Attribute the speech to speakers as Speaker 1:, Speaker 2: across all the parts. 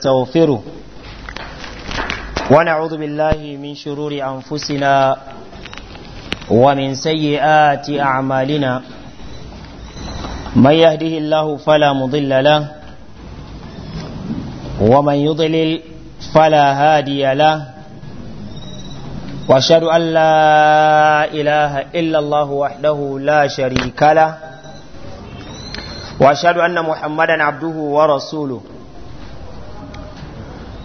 Speaker 1: نستغفره ونعوذ بالله من شرور أنفسنا ومن سيئات أعمالنا من يهده الله فلا مضل له ومن يضلل فلا هادي له واشهد أن لا إله إلا الله وحده لا شريك له واشهد أن محمدا عبده ورسوله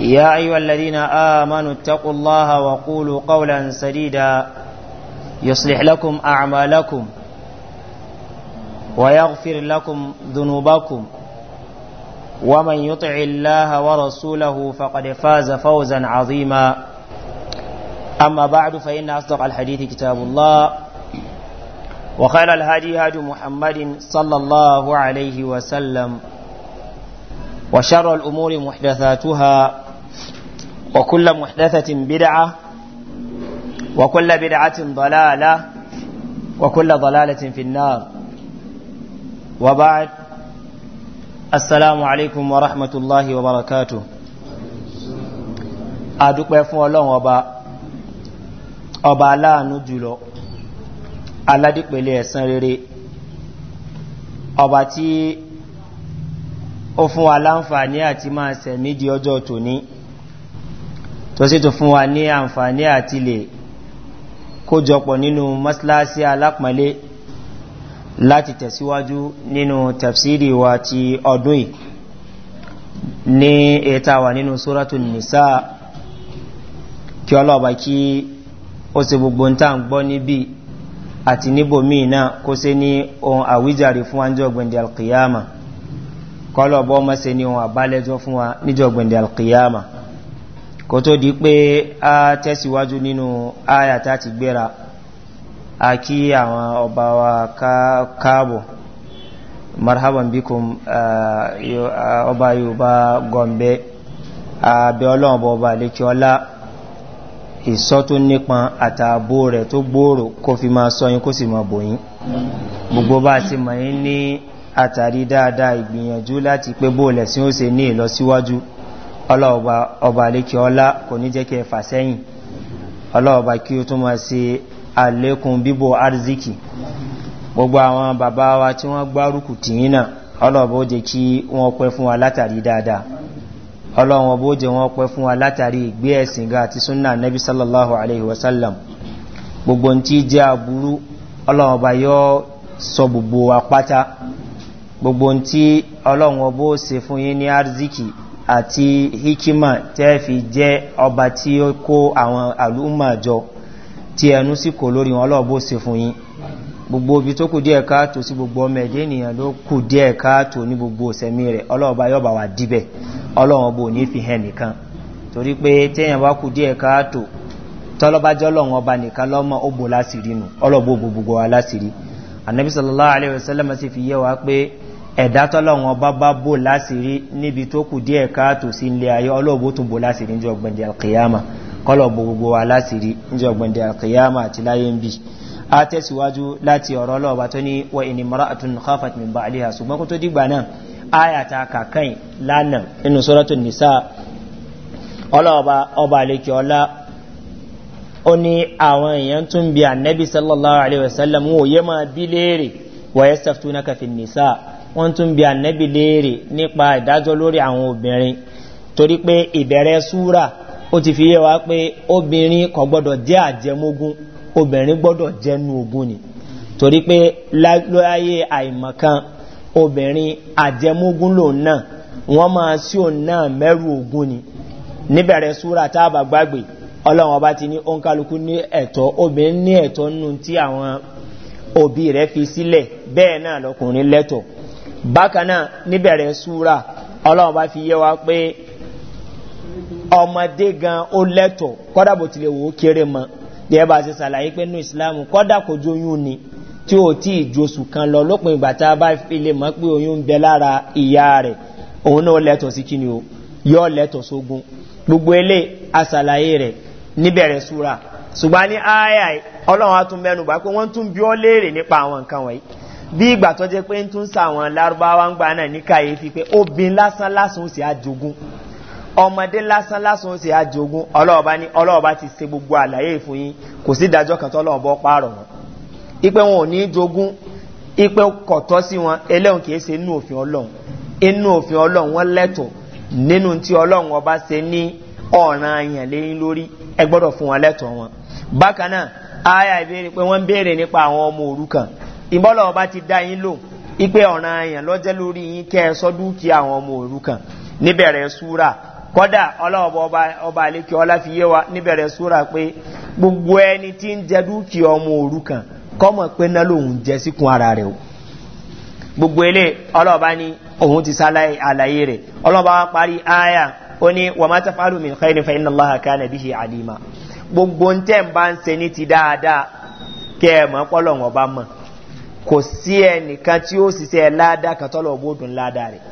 Speaker 1: يا أيها الذين آمنوا اتقوا الله وقولوا قولا سديدا يصلح لكم أعمالكم ويغفر لكم ذنوبكم ومن يطع الله ورسوله فقد فاز فوزا عظيما أما بعد فإن أصدق الحديث كتاب الله وخير الهادي هاد محمد صلى الله عليه وسلم وشر الأمور محدثاتها وكل محدثة بدعة وكل بدعة ضلالة وكل ضلالة في النار وبعد السلام عليكم ورحمة الله وبركاته أدوك فون الله وبا أبا لا نجلو ألا ilé ẹ̀sán rere ọba tí ó fún wa láǹfààní àti máa sẹ̀mí di tó sì tún fún wa ní àǹfààní àti lè kójọpọ̀ nínú masláṣí alápọ̀lẹ́ láti tẹ̀síwájú nínú tafsiri wa ti ọdún yìí ní ètà wà nínú sóràtù nìsá kí ọlọ́ọ̀bá kí ó se gbogbo ń tàn gbọ́ níbi àti níbòmíì náà kó se ní ohun àwíjàre fún wa ní ọgbẹ̀ndì alkiyama kọlọ̀bọ́ mọ́ ní ohun àbálẹ́jọ́ fún wa níjọ alkiyama kò tó di pé a tẹ́síwájú nínú ayàtà ti gbéra a kí àwọn ọba wa káàbọ̀ marhaban bikum ọba yorùbá gọ̀m̀bẹ́ àbẹ̀ ọlọ́ọ̀bọ̀ ọba lẹ́kíọ́lá ìsọ́ tó nípan àtààbò rẹ̀ tó gbòòrò kó fi máa sọyìn kó sì máa bòyìn gbogbo bá ti mọ̀ ní àtàrí dáadáa ìgbìyànjú láti pé bóòlẹ̀ sí ó se ní ìlọsíwájú si ọlọ́ọ̀bá ọba àlékí ọlá kò ní jẹ́ kí ẹ fà sẹ́yìn ọlọ́ọ̀bá kí ó máa se bíbò arziki gbogbo àwọn bàbá wa tí wọ́n gbárùkù tìyín náà ó jẹ́ kí wọ́n pẹ́ fún wa látàrí dáadáa ọlọ́wọ́n bó wa sallallahu alaihi se fún ní arziki àti hikima tẹ́ fi jẹ́ ọba tí ó kó àwọn àlúmà jọ tí ẹnu sí kò lórí wọn lọ́ọ̀bó se fún yí gbogbo obi tó kù díẹ̀ káàtò sí gbogbo ọmọ ẹ̀dẹ́ ènìyàn ló kù díẹ̀ káàtò ní gbogbo òsẹ̀mí rẹ̀ ọlọ́ọ̀bá yọba wà díbẹ̀ ọlọ́wọ́n bò ní fi hẹn nìkan torí pé téèyàn bá kù díẹ̀ káàtò tọ́lọ́bájọ́ lọ́wọ́n ọba nìkan lọ́mọ ó bò láṣìírí nù ọlọ́ọ̀bó gbogbo wa láṣìírí ànábísọ̀lọ́lá àlẹ́ ẹ̀dá tọ́lọ́wọ́n bá bá bò láṣìírí níbi tó kù díẹ̀ káàtò sí ilé ayé ọlọ́ọ̀bó tó bò láṣìírí ní ọgbẹ̀ndẹ̀ alkiyama kọlọ̀bọ̀ gbogbo wa láṣìírí ní ọgbẹ̀ndẹ̀ alkiyama àti láyé ń bí a tẹ̀síwájú láti ọ̀rọ̀ ọlọ́ọ̀bá tó ní wọ ìnìmọ̀rá àtún hafat min bá alẹ́ ṣùgbọ́n kó tó dìgbà náà aya ta kàkàn lánàá nínú sọ́rọ́tò sallallahu alaihi wasallam wọ́n yẹ máa bí léèrè wọ́n yẹ wọ́n tún bí ànẹ́bì léèrè nípa ìdájọ́ lórí àwọn obìnrin torí pé ìbẹ̀rẹ̀ súra ó ti fi yé wa pé obìnrin kò gbọ́dọ̀ jẹ́ àjẹmógún obìnrin gbọ́dọ̀ jẹ́nu ogun ni torí pé láyé àìmọ̀kan obìnrin àjẹmógún lòun náà wọ́n máa sí òun náà mẹ́rù ogun ni níbẹ̀rẹ̀ súra táàbà gbàgbé ọlọ́run ọba ti ní òǹkálukú ní ẹ̀tọ́ obìnrin ní ẹ̀tọ́ nínú tí àwọn òbí rẹ̀ fi sílẹ̀ bẹ́ẹ̀ náà lọkùnrin lẹ́tọ̀ọ́ bákanáà níbẹ̀rẹ̀ súra ọlọ́run bá fi yẹ wa pé ọmọdé gan ó lẹ́tọ̀ kọ́dà bó tilẹ̀ wò ó kéré mọ́ díẹ̀ bá ṣe ṣàlàyé pé nínú ìsìláàmù kọ́dà kò jó oyún ni tí ò tí ì josù kan lọ lópin ìgbà tá a bá fi lè mọ́ pé oyún ń bẹ lára ìyá rẹ̀ òun náà lẹ́tọ̀ sí kíni o yọ lẹ́tọ̀ sógun gbogbo ilé àṣàlàyé rẹ̀ níbẹ̀rẹ̀ súra ṣùgbọ́n ní ááyà ọlọ́run á tún mẹ́nu bá pé wọ́n tún bí ọ́ léèrè nípa àwọn nǹkan wọ̀nyí bí ìgbà tó jẹ́ pé ń tún sàwọn lárúbáwá ń gbà náà ní kàyéfì pé obìnrin lásán lásán ó sì àjogún ọmọdé lásán lásán ó sì àjogún ọlọ́ọ̀bá ní ọlọ́ọ̀bá ti se gbogbo àlàyé fún yín kò sí ìdájọ́ kan tó lọ́wọ́ bọ́ pààrọ̀ wọn ipe wọn ò ní jogún ipe kọ̀tọ́ sí wọn eléhùn kìí ṣe inú òfin ọlọ́run inú òfin ọlọ́run wọn lẹ́tọ̀ nínú tí ọlọ́run ọba ṣe ní ọ̀ràn àyàn léyìn lórí ẹ gbọ́dọ̀ fún wọn lẹ́tọ̀ wọn bákan náà aya ìbéèrè pé wọ́n ń béèrè nípa àwọn ọmọ òrukàn ìbọ́lọ̀ ọba ti dá yín lò ipe ọ̀ràn àyàn lọ́jẹ́ lórí yín kẹ́ ẹ sọ dúkìá àwọn ọmọ òru kan níbẹ̀rẹ̀ súra kọ́dà ọlọ́ọ̀bọ̀ ọba àlékè ọlá fi yé wa níbẹ̀rẹ̀ súra pé gbogbo ẹni tí ń jẹ dúkìá ọmọ òru kan kọ́mọ̀ pé ná lòun jẹ síkun ara rẹ̀ gbogbo ilé ọlọ́ọ̀bá ni òun ti sáláyé àlàyé rẹ̀ ọlọ́ọ̀bá wa parí aya ó ní kẹ́ni fẹ́ iná lọ́hà gbogbo ń tẹ́ ń ti dáadáa kẹ́ ẹ̀ mọ́ pọ́lọ̀ wọn kò sí ẹnìkan tí ó ṣiṣẹ́ ládàá kan tọ́lọ̀ bóòdùn ládàá rẹ̀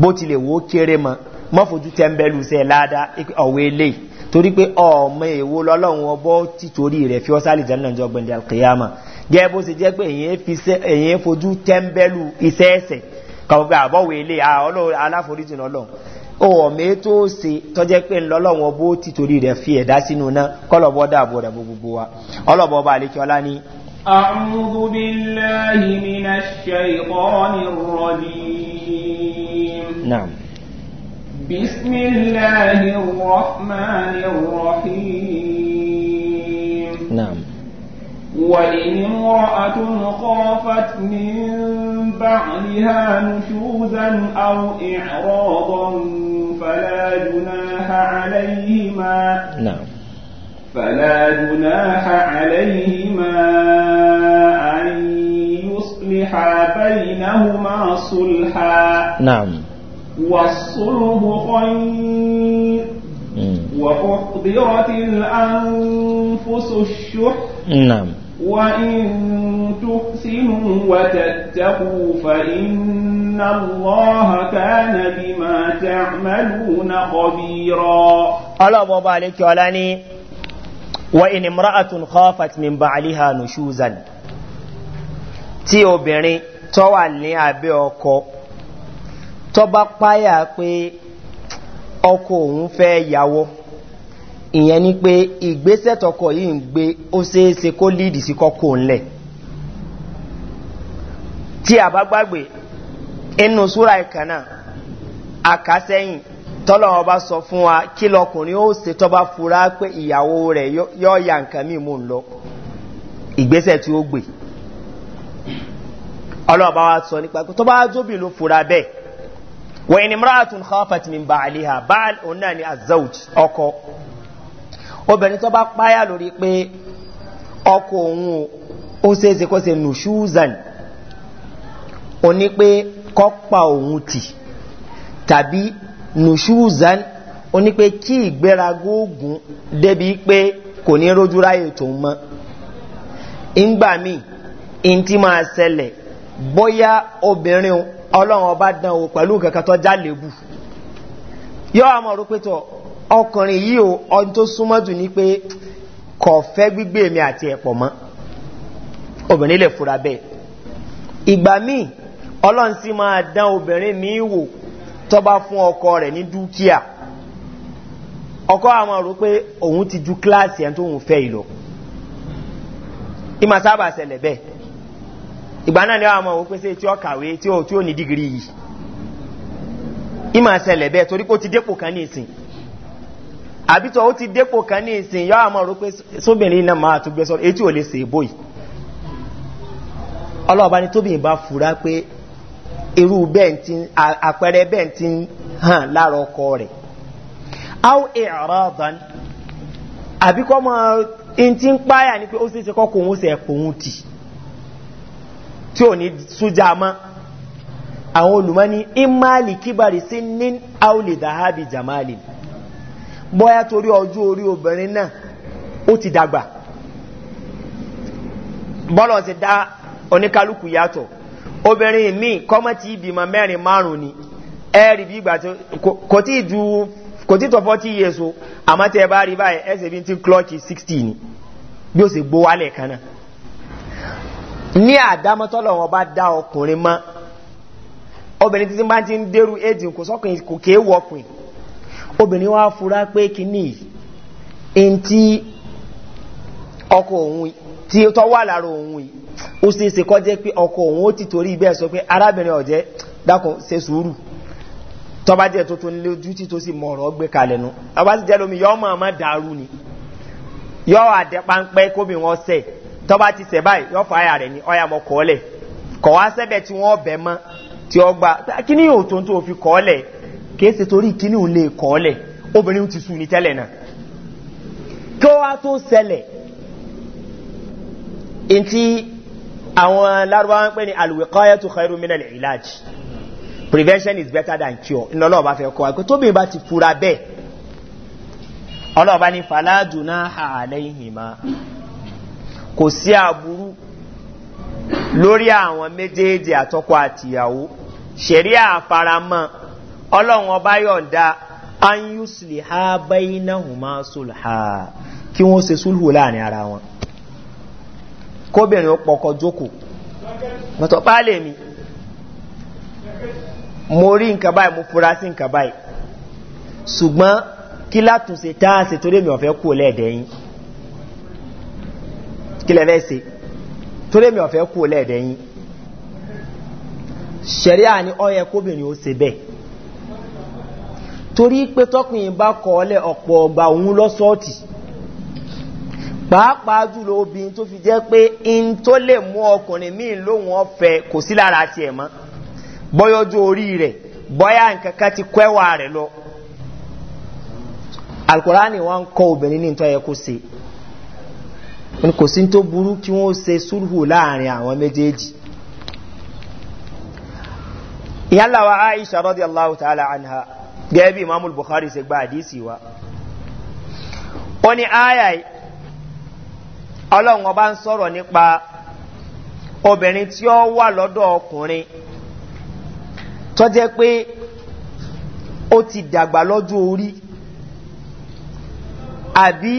Speaker 1: bó tilẹ̀ wò ó kéré mọ́ mọ́fojú tẹ́ḿbẹ́lú ṣe ládàá ọ̀wé eléyìí torí pé ọmọ èwo lọ́lọ́run ọbọ̀ tí torí rẹ̀ fi ọ́sálì jẹ́ náà jọ gbẹ̀ndẹ̀ alkiyama gẹ́gẹ́ bó ṣe jẹ́ pé èyàn fojú tẹ́ḿbẹ́lú iṣẹ́ ẹ̀sẹ̀ kàwọn pé àbọ̀wé eléyìí aláforíjì lọ́lọ́run ọmọ
Speaker 2: أعوذ بالله من الشيطان الرجيم نعم بسم الله الرحمن الرحيم نعم وإن امرأة خافت من بعدها نشوزا أو إعراضا فلا جناح عليهما نعم فلا جناح عليهما أن يصلحا بينهما صلحا نعم والصلح خير وأحضرت الأنفس الشح نعم وإن تحسنوا وتتقوا فإن الله كان بما تعملون
Speaker 1: خبيرا ألا أبو عليك ولاني wa in imra'atun khafat min ba'liha nushuzan tí obìnrin tó wà ní abẹ́ ọkọ tó bá páyà pé ọkọ òun fẹ́ yàwó ìyẹn ni pé ìgbésẹ̀ yi yìí ń gbé ó ṣeéṣe kó líìdì sí kọ́kọ́ ńlẹ̀ tí a bá gbàgbé inú tọ́lọ̀ ọba sọ fún wa kí lọkùnrin ó se tọ́ba fura pé ìyàwó rẹ̀ yọ ya nǹkan mí mú un lọ ìgbésẹ̀ tí ó gbè ọlọ́ọ̀bá wa sọ nípa pé tọ́ba jóbi ló fura bẹ́ẹ̀ wọ́n baal òun ni azaut ọkọ obìnrin tọ́ba páyà lórí pé ọkọ òun ó ṣeéṣe kó ṣe nùṣúzàn òní pé kọ́pa tàbí nùṣúzán ó ní pé kí ìgbéraga ogun débi pé kò ní rójú ráyè tó ń mọ́ ńgbà míì ntí máa ṣẹlẹ̀ bóyá obìnrin ọlọ́run ọba dán o pẹ̀lú kankan tó jálèbù yọ àmọ́ rò pé tọ ọkùnrin yìí o ọdún tó súnmọ́ jù ní pé kò fẹ́ gbígbé mi àti ẹ̀pọ̀ mọ́ obìnrin lè fura bẹ́ẹ̀ ìgbà míì ọlọ́run sì máa dán obìnrin míì wò tọba fún ọkọ rẹ̀ ní dúkìá ọkọ àwọn rò pé òun ti ju kíláàsì ẹni tó ń fẹ́ ìlọ ìmọ̀ sábà ṣẹlẹ̀ bẹ́ẹ̀ ìgbà náà ni àwọn ọmọ òpèsè tí ó kàwé tí ó tí ó ní dìgírí yìí ìmọ̀ ṣẹlẹ̀ bẹ́ẹ̀ torí pé ó ti dépò kan ní ìsìn àbítọ̀ ó ti dépò kan ní ìsìn yọ àwọn ọmọ sóbìnrin náà máa tún ni tóbìnrin bá fura pé irú bẹ́ẹ̀ntì àpẹẹrẹ bẹ́ẹ̀ntì hàn lára ọkọ rẹ̀ áwọ̀ ẹ̀rọ ọ̀dán àbíkọ́ mọ́ in ti ń páyà ní pé ó sì ti kọ́ kòun sẹ̀ kòun tì tí ò ní sújà mọ́ àwọn olùmọ́ni imali kíbari sí ní áwòlè dahabi jamali bọ́yá torí ọjọ́ orí obìnrin náà ó ti dàgbà bọ́lọ̀ ti dá oníkálukú yàtọ̀ obìnrin míì kọ́mọ́ tí ìbímọ mẹ́rin márùn ni ẹ̀rì bí ìgbà tí kò tí ju tí tọ́ so àmọ́ tẹ́ bá rí báyìí ẹsẹ̀ bí ti klọ́ọ̀kì sixty ni bí ó sì gbó wálẹ̀ kan ní àdámọ́tọ́lọ̀ wọn bá dá ọkùnrin mọ́ obìnrin títí bá ti ń dérú éjì kò kò kéé tí ó tọ́ wà lára òun yìí ó ṣe ṣe kọ́ jẹ́ pé ọkọ̀ òun ó ti torí bẹ́ẹ̀ sọ pé arábìnrin ọ̀jẹ́ dákun ṣe sùúrù tọba jẹ́ tó tó ní tí tó sì mọ̀ gbé kalẹ̀ nu ọba sì jẹ́ lómi ni yọ́ àdẹ́ páńpẹ́ ti sẹ̀ báyìí yọ́ fàáyà rẹ̀ ni mọ̀ kọ́ọ̀lẹ̀ kọ̀ wá sẹ́bẹ̀ tí wọ́n bẹ̀ mọ́ tí ó gba in ti àwọn larubawa ń pè ní alwikọ́yẹ́ tó xẹ́rù mí lẹ́lẹ̀ ìlàj prevention is better than cure ní ọlọ́ọ̀bá fẹ́ kọ́ ẹ̀kọ́ tóbi bá ti fura bẹ́ẹ̀ ọlọ́ọ̀bá ní falajuna àlẹ́yìnmá kò sí àbúrú lórí àwọn méjèèjì àtọ́kọ àtìyàwó ṣẹ̀rí àfaramọ́ ọlọ́run ọba yọ̀ǹda anyusli ha bẹ́ẹ̀ náà hùmá sulha kí wọ́n ṣe sulhu láàrin ara wọn kóbìnrin ó pọkọ jókòó mọ̀tọ̀ pálẹ̀ mi mo rí nǹkan báyìí mo fura sí nǹkan báyìí ṣùgbọ́n kí látúnṣe tá a ṣe ọ̀fẹ́ kú lẹ́ẹ̀dẹ́yìn ṣẹ̀ríà ni ọyẹ kóbìnrin ó ṣe bẹ́ẹ̀ torí pé tọkùnrin bá kọ́ ọ ọ̀pọ̀ ọgbà òun lọ́sọ̀ọ̀tì. pàápàá jùlọ obìnrin tó fi jẹ́ pé in tó lè mú ọkùnrin míì lóhun ọ̀fẹ́ kò sí lára tiẹ̀ mọ́ bọ́yọ́jú orí rẹ̀ bọ́yá ti kẹ́wà rẹ̀ lọ alukóraní wọn kọ́ obìnrin ní ìtọ́ kó se kò sí tó burú kí se sulhu láàrin àwọn méjèèjì yálà aisha rọ́dí allahu ta'ala anha gẹ́gẹ́ imamul buhari se àdísì wa wọ́n ayayi ọlọ́run ọba ń sọ̀rọ̀ nípa obìnrin tí ó wà lọ́dọ̀ ọkùnrin tó jẹ́ pé ó ti dàgbà lọ́jọ́ orí àbí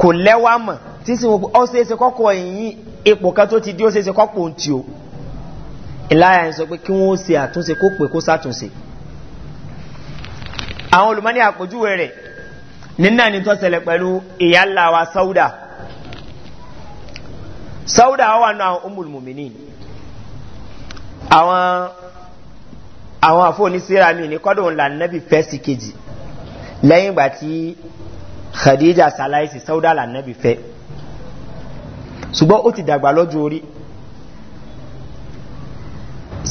Speaker 1: kò lẹ́wà mọ̀ tí sì wọ́n ó ṣeéṣe kọ́kọ́ ẹ̀yìn ipò kan tó ti dí ó ṣeéṣe kọ́pọ̀ ohun tí ó ìláyà ń sọ pé kí wọ́n ṣe àtúnṣe kó pè kó sàtúnṣe àwọn olùmọ́ àpòjúwe rẹ̀ nínú àní pẹ̀lú ìyá ńlá wa sáúdà sauda wà nù àwọn umul mumini àwọn àwọn àfọ̀nisíra mi ní kọ́dọ̀ ńlá nàbì fẹ́sì kejì lẹ́yìn ìgbà tí khadija salaisi sauda la nàbì fẹ́ ṣùgbọ́n ó ti dàgbà lọ́jọ́ orí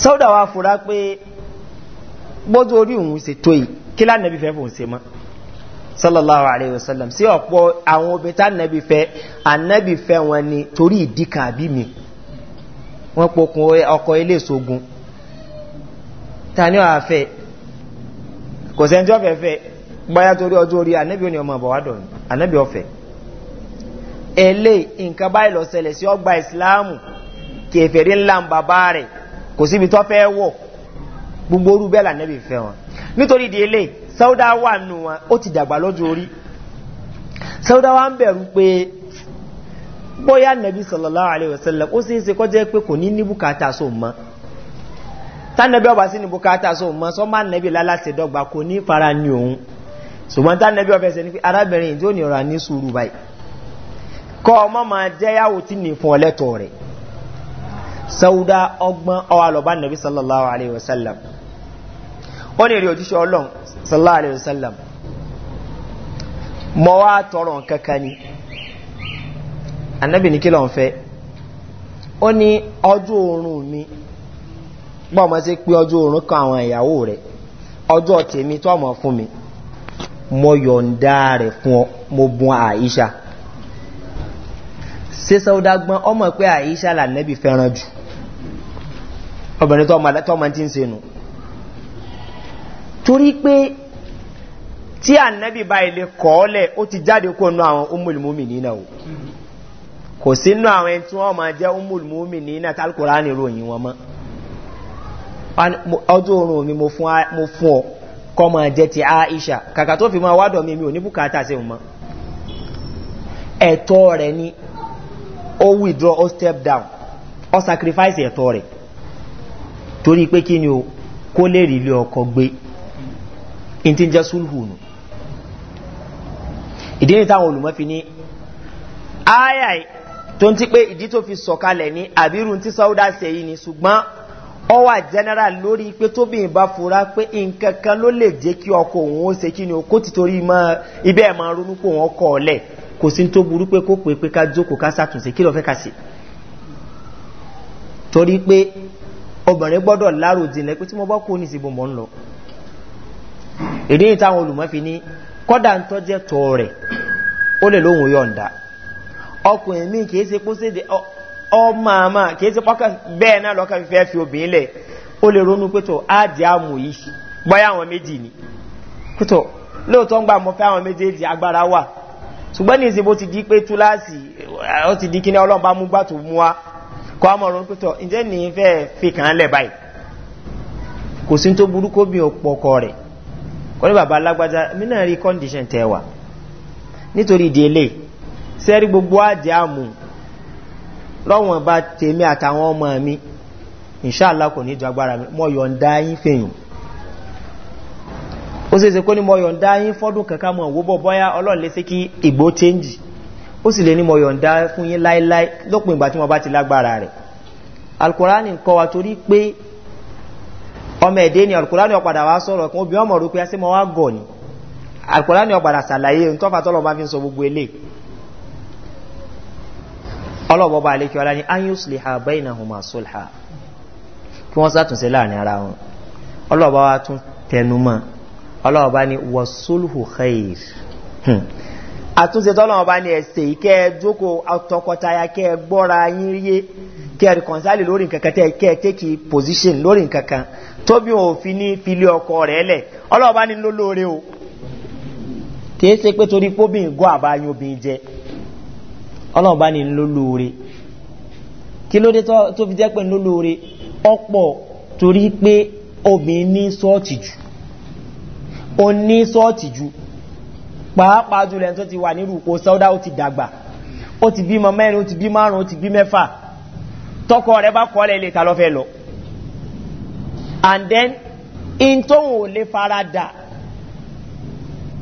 Speaker 1: sauda wa fura pé gbọ́dọ̀ orí òun ṣètò yìí kí lánàbì fẹ́ fòun ṣe mọ́ sallallahu alayhi wa sallam sí ọ̀pọ̀ àwọn obìnrin tá ànábì fẹ́ ànábì fẹ́ wọn ni torí ìdí kan àbí mi wọ́n pokùn ọkọ̀ ilé ìṣogun ta ni wàá fẹ́ kò sẹ́ńtọ́ fẹ́ fẹ́ báyà torí ọjọ́ orí ànábì ò ní ọmọ àbọ̀wádọ̀ ànábì ọ̀fẹ́ ele nkan báyìí lọ sẹlẹ̀ sí ọgbà ìsìláàmù kẹfẹ̀rí ńlá bàbá rẹ̀ kò síbi tó wọ̀ gbogbo orú bẹ́ẹ̀ lànàbì fẹ́ wọn nítorí di ele sáúdà wà nù wọn ó ti dàgbà lọ́jọ́ orí sáúdà wà ń bẹ̀rù pé bóyá nàbí sọ̀lọ́lá àlẹ́wẹ̀sẹ̀lẹ̀ ó si se kọjẹ́ je kò ní ní bùkátà ma. ọba so mọ sọ máa nẹbi lálàsẹ dọgba fara So jẹ́yàwó tí ní fún ọlẹ́tọ̀ rẹ̀ sọ́wọ́dá ọgbọ́n nàbí sallallahu wa ó ní òjíṣẹ́ ọlọ́run sallallahu alayhi wasallam sallam mọ́ wá tọrọ nǹkan kan ni anábì ní kí lọ́n oorun mi bọ́ ọmọ sí pé ọjọ́ oorun kan awọn iyawo re ọjọ́ tèmi tó ọmọ fún mi mo yọ̀ǹda rẹ̀ fún ọ mo bun Aisha. ṣe sọ́dágbọ́n ọmọ pé àìṣà là nẹ́bì fẹ́ràn jụ. obìnrin tó ọmọ tí ń se nù no. torí pé tí ànábì bá ilé kọ́ọ́lẹ̀ ó ti jáde kó nú àwọn umulmumi nínà o kò sí sínú àwọn ẹni tí wọ́n máa jẹ́ umulmumi nínà tálkùrá ní ròyìn wọn mọ́ ọjọ́ oorun mi mo fún ọ kọ́ máa jẹ́ ti aisha kàkà tó fi máa wádọ̀ mi mi ò ní bùkátà sí wọn ẹ̀tọ́ rẹ̀ ni ó withdraw ó step down ó sacrifice ẹ̀tọ́ rẹ̀ torí pé kí ni o kó lè rí ilé ọkọ̀ gbé in ti jẹ́ sulhu nù ìdí ní táwọn olùmọ́fi ní tó ń ti pé ìdí tó fi sọ̀kalẹ̀ ní àbírù ti sáúdà ṣe yìí ni ṣùgbọ́n ọ wà general lórí pé tóbìnrin bá fura pé nǹkan kan ló lè jẹ́ kí ọkọ̀ òun ó ṣe kí ni o ti ibẹ̀ máa ronú pé òun ọkọ̀ ọ̀lẹ̀ kò sí tó burú pé kó pè pé ká jókòó ká ṣàtúnṣe kí ló fẹ́ ká ṣe torí pé obìnrin gbọ́dọ̀ lárò èdè ìtàwọn olùmọ́fi ní kọ́dà ń tọ́jẹ́ tọ́ rẹ̀ ó lè lóhun yọ̀ǹda ọkùnrin mi kìí ṣe pósèdè ọmọ àmà kìí ṣe pọ́kà bẹ́ẹ̀ náà lọ́kà fífẹ́ fi obìnrin lẹ̀ ó lè ronú pẹ́tọ̀ áàdì àmù yìí bọ́yá àwọn méjì ni pẹ́tọ̀ lóòótọ́ ń gbà mọ́ fẹ́ àwọn méjèèjì agbára wà ṣùgbọ́n ní ti di pé túláàsì ó ti di kíní mú gbà tó mú wa kọ́ àmọ́ ronú pẹ́tọ̀ ǹjẹ́ ní fẹ́ fi kàn án lẹ̀ wọ́n ní bàbá alágbájá mi náà rí condition tẹ́ wà nítorí ìdí eléyìí sẹ́rí gbogbo àjẹ́ àmù lọ́wọ́n bá tèmi àtàwọn ọmọ mi ìṣàlá kò ní ju agbára mi mọ́ yọ̀ǹda yín fèyàn ó sì ṣe kó ní mọ́ yọ̀ǹda yín fọ́dún kankan mọ̀ wó bọ́ bọ́yá ọlọ́ọ̀lẹ́ sí kí ìgbó chẹ́ǹjì ó sì lè ní mọ́ yọ̀ǹda fún yín láíláí lópin ìgbà tí wọ́n bá ti lágbára rẹ̀ alukóra ní torí pé ọmọ ẹ̀dẹ́ ni alukùránì ọ̀padà wá sọ̀rọ̀ kún obìnrin ọmọ rúpẹ́ sí mọ́ wá gọ̀ ni alukùránì ọ̀padà sàlàyé ntọ́fà tọ́lọ̀ máa fi ń sọ gbogbo ilé ọlọ́bọ̀ bá alẹ́kẹ́ ọlá ní ayúsùlẹ̀ ha bẹ́ẹ̀nà hùmà sọ́lá kí wọ́n sàtúnṣe láàrin ara wọn àtúnṣe tọ́lọ́wọ́ ọba ni ẹ̀sẹ̀ ìkẹ́ jókòó tọkọtaya kẹ́ gbọ́ra yín ríye kẹ́ reconcile lórí nkankan tẹ́ kẹ́ take position lórí nkankan tóbi òfin ní filé ọkọ rẹ̀ lẹ̀ ọlọ́wọ́ ni lólóore o K'ese ṣe pé torí ngo gọ́ àbáyín obìnrin jẹ ọlọ́wọ́ ni lólóore kí tó fi jẹ́ pé lólóore ọ̀pọ̀ torí pé obìnrin ní sọ́ọ̀tì ní pàápàá jùlọ ẹni tó ti wà nírú ipò sọ́dá ó ti dàgbà ó ti bímọ mẹ́rin ó ti bí márùn ó ti bí mẹ́fà tọkọ rẹ bá kọ́ lẹ́ ilé ta lọ́ fẹ́ lọ and then in tóun ò lè fara dà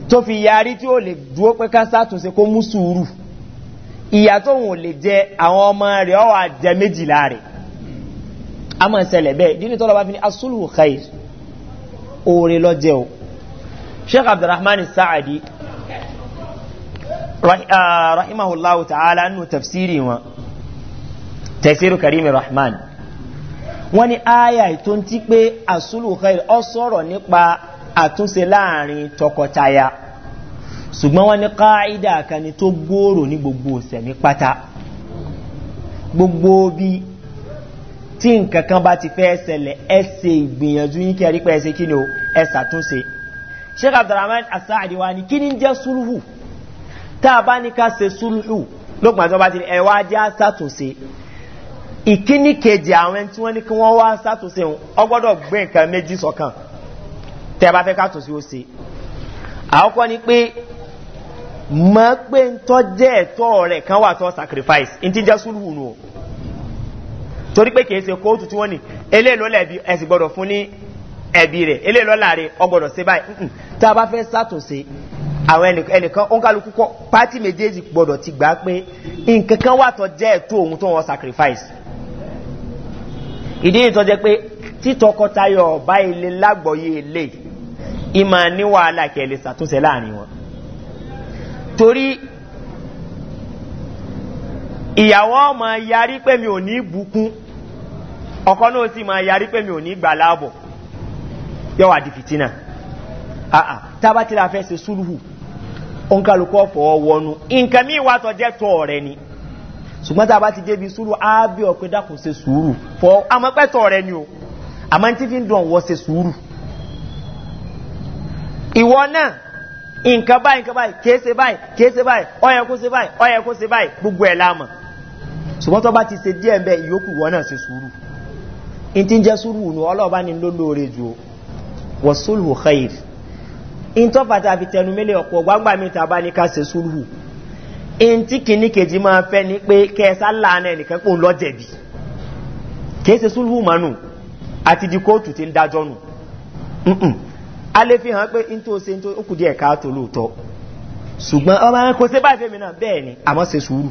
Speaker 1: tó fi yarí tí ó lè dúró pé ká sátúnṣe kó mú sùúrù ìyá tóun ò lè jẹ àwọn ọmọ rẹ ọwọ àjẹ méjìlá rẹ a máa ṣẹlẹ̀ bẹ́ẹ̀ dínú tọ́lọ́ bá fi ní asúlù khair oore lọ́jẹ́ o sheikh abdulrahman saadi Ah, rahimahullahu الله تعالى tafsiri wọn tafsiru karim rahman wọ́n ní aya tó ń ti pé asúlù khair ọ sọ̀rọ̀ nípa àtúnṣe láàrin tọkọtaya ṣùgbọ́n wọ́n ní káàídà kan ni tó gbòòrò ní gbogbo òsẹ̀mí pátá gbogbo bí tí nǹkan kan ti fẹ́ ṣẹlẹ̀ ẹsẹ̀ ìgbìyànjú yín kẹrí pé ẹsẹ̀ kí o ẹsẹ̀ àtúnṣe sheikh abdulrahman asaadi wa ni kí ni suluhu tá a bá ní ká ṣe súlù lópin àti ọba ti ní ẹ wá jẹ́ àṣàtúnṣe ìkíní kejì àwọn ẹni tí wọ́n ní kí wọ́n wá àṣàtúnṣe ọgbọ́dọ̀ gbé nǹkan méjì sọ̀kan tẹ́ bá fẹ́ kàtúnṣe ó ṣe àkọ́kọ́ ni pé mọ̀ pé ń tọ́ jẹ́ ẹ̀tọ́ rẹ̀ kan wà tọ́ sacrifice ní ti jẹ́ súlù nù o torí pé kìí ṣe kóòtù tí wọ́n ní eléyìí lọ́la ẹ̀bí ẹ̀sìn gbọ́dọ̀ fún ní ẹ̀bí rẹ̀ eléyìí lọ́la ọgbọ́dọ̀ ṣe báyìí tá fẹ́ sàtúnṣe àwọn ẹnìkan ó ń kálukú kọ́ pátì méjèèjì gbọ́dọ̀ ti gbà pé nǹkan kan wà tọ́ jẹ́ ẹ̀tọ́ òun tó wọn sacrifice ìdí ìtọ́ jẹ́ pé títọkọtayọ ọba ilé lágbọ̀ọ́yé ilé ìmọ̀ ní wàhálà kẹlẹ̀ ṣàtúnṣe láàrin wọn torí ìyàwó ọmọ yarí pé mi ò ní bukún ọkọ náà sì máa yarí pé mi ò ní gbà láàbọ̀ yọ wà di fìtínà tábàtìlà fẹ́ ṣe súlùhù òǹkàlùkọ́ fọwọ́ wọnú nǹkan mí wà tọ́ jẹ́ tọ́ rẹ ni ṣùgbọ́n tá a bá ti débi sùúrù á bí ọ̀pẹ dákun ṣe sùúrù fọ àmọ́ pẹ́ tọ́ rẹ ni o àmọ́ tí fi ń dùn wọ́ ṣe sùúrù. ìwọ náà nǹkan báyìí nǹkan báyìí kìí ṣe báyìí kìí ṣe báyìí ọyẹ kó ṣe báyìí ọyẹ kó ṣe báyìí gbogbo ẹ̀ láàmọ̀ ṣùgbọ́n tó bá ti ṣe díẹ̀ bẹ́ẹ̀ ìyókù ìwọ náà ṣe sùúrù ìtí sùúrù ọlọ́ọ̀bá ni lólóore jù wọ́n sùúrù xeyìrì ìntọ́fàtà àfi tẹnumẹ́lẹ̀ ọ̀pọ̀ gbangba mi tàbá ní ká ṣe súrù ìntí kìíní kejì máa fẹ́ ni pé kẹsà lànà ẹnìkan pò ń lọ́jẹ̀bi kìí ṣe súrù mọ́nù àti di kóòtù ti ń dájọ́ nù a lè fi hàn pé ntòsí ntòsí ó kù díẹ̀ káàtó lóòótọ́ ṣùgbọ́n ọmọ ẹran kò sí báyìí fẹ́mi náà bẹ́ẹ̀ ni àmọ́ ṣe sùúrù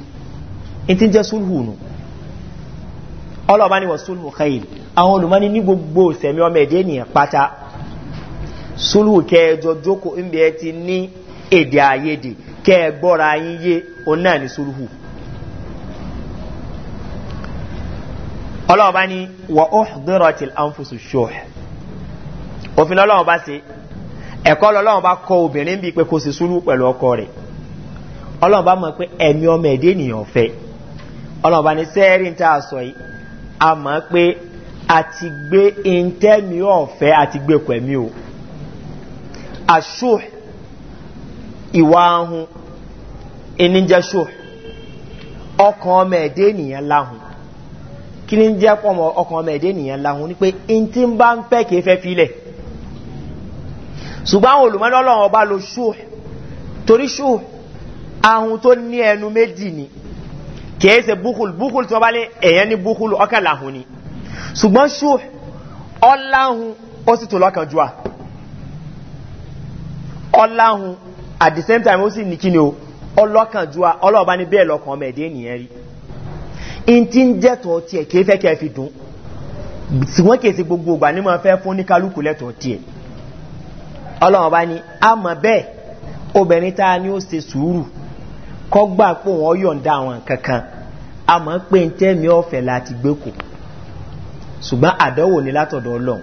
Speaker 1: ìtí jẹ́ sùúrù nù ọlọ́ọ̀bá ni wọ́n sùúrù kẹ́yìn àwọn olùmọ́ni ní gbogbo ìsẹ̀mí ọmọ ẹ̀dẹ́ ènìyàn pátá sulu kẹjọ joko nbẹ ẹ ti ní èdè àyèdè kẹ gbọ́ra yín yé òun náà ní suluhu. ọlọ́ọ̀bá ni wà ó dọ̀rọ̀ tí anfusu ṣọ́ òfin lọ́lọ́wọ́ se ẹ̀kọ́ lọ́lọ́wọ́ bá kọ obìnrin bíi pé kò sì sulu pẹ̀lú ọkọ rẹ̀ ọlọ́wọ́ bá mọ̀ pé ẹ̀mí ọmọ ẹ̀dẹ́ ènìyàn fẹ́ ọlọ́wọ́ bá sẹ́ẹ̀rì ń tà sọ yìí a mọ̀ pé a gbé intẹ́mi ọ̀fẹ́ a gbé pẹ̀mí o ashuh ìwà ahun ìníjẹ shuh ọkàn ọmọ ẹ̀dẹ́ ènìyàn láhùn kí ní jẹ́ pọ̀mọ̀ ọkàn ọmọ ẹ̀dẹ́ ènìyàn láhùn ní pé in tí ń bá ń fẹ́ kìí fẹ́ filẹ̀ ṣùgbọ́n àwọn olùmọ́lọ́lọ́wọ́ bá lo shuh torí shuh ahun tó ní ẹnu méjì ni kìí ṣe búkúl búkúl tí wọ́n bá lé èèyàn ní búkúl ọkàn láhùn ni ṣùgbọ́n shuh ọláhun ó sì tó lọ́kàn jù ọláhun at the same time ó sì ní kíni o ọlọ́kàn ju ọlọ́ọ̀bá ní bẹ́ẹ̀ lọ́kàn ọmọ ẹ̀dẹ́ ènìyàn rí in ti ń jẹ́tọ̀ tiẹ̀ kìí fẹ́ kí ẹ fi dùn ṣùgbọ́n kìí sí gbogbo ògbà ní mo fẹ́ fún ní kálukú lẹ́tọ̀ tiẹ̀ ọlọ́ọ̀bá ní àmọ́ bẹ́ẹ̀ obìnrin tá a ó ṣe sùúrù kọ́ gbà pé wọ́n yọ̀ǹda àwọn kankan àmọ́ pé ń tẹ́mi ọ̀fẹ́ láti gbé kù ṣùgbọ́n àdánwò ni látọ̀dọ̀ ọlọ́run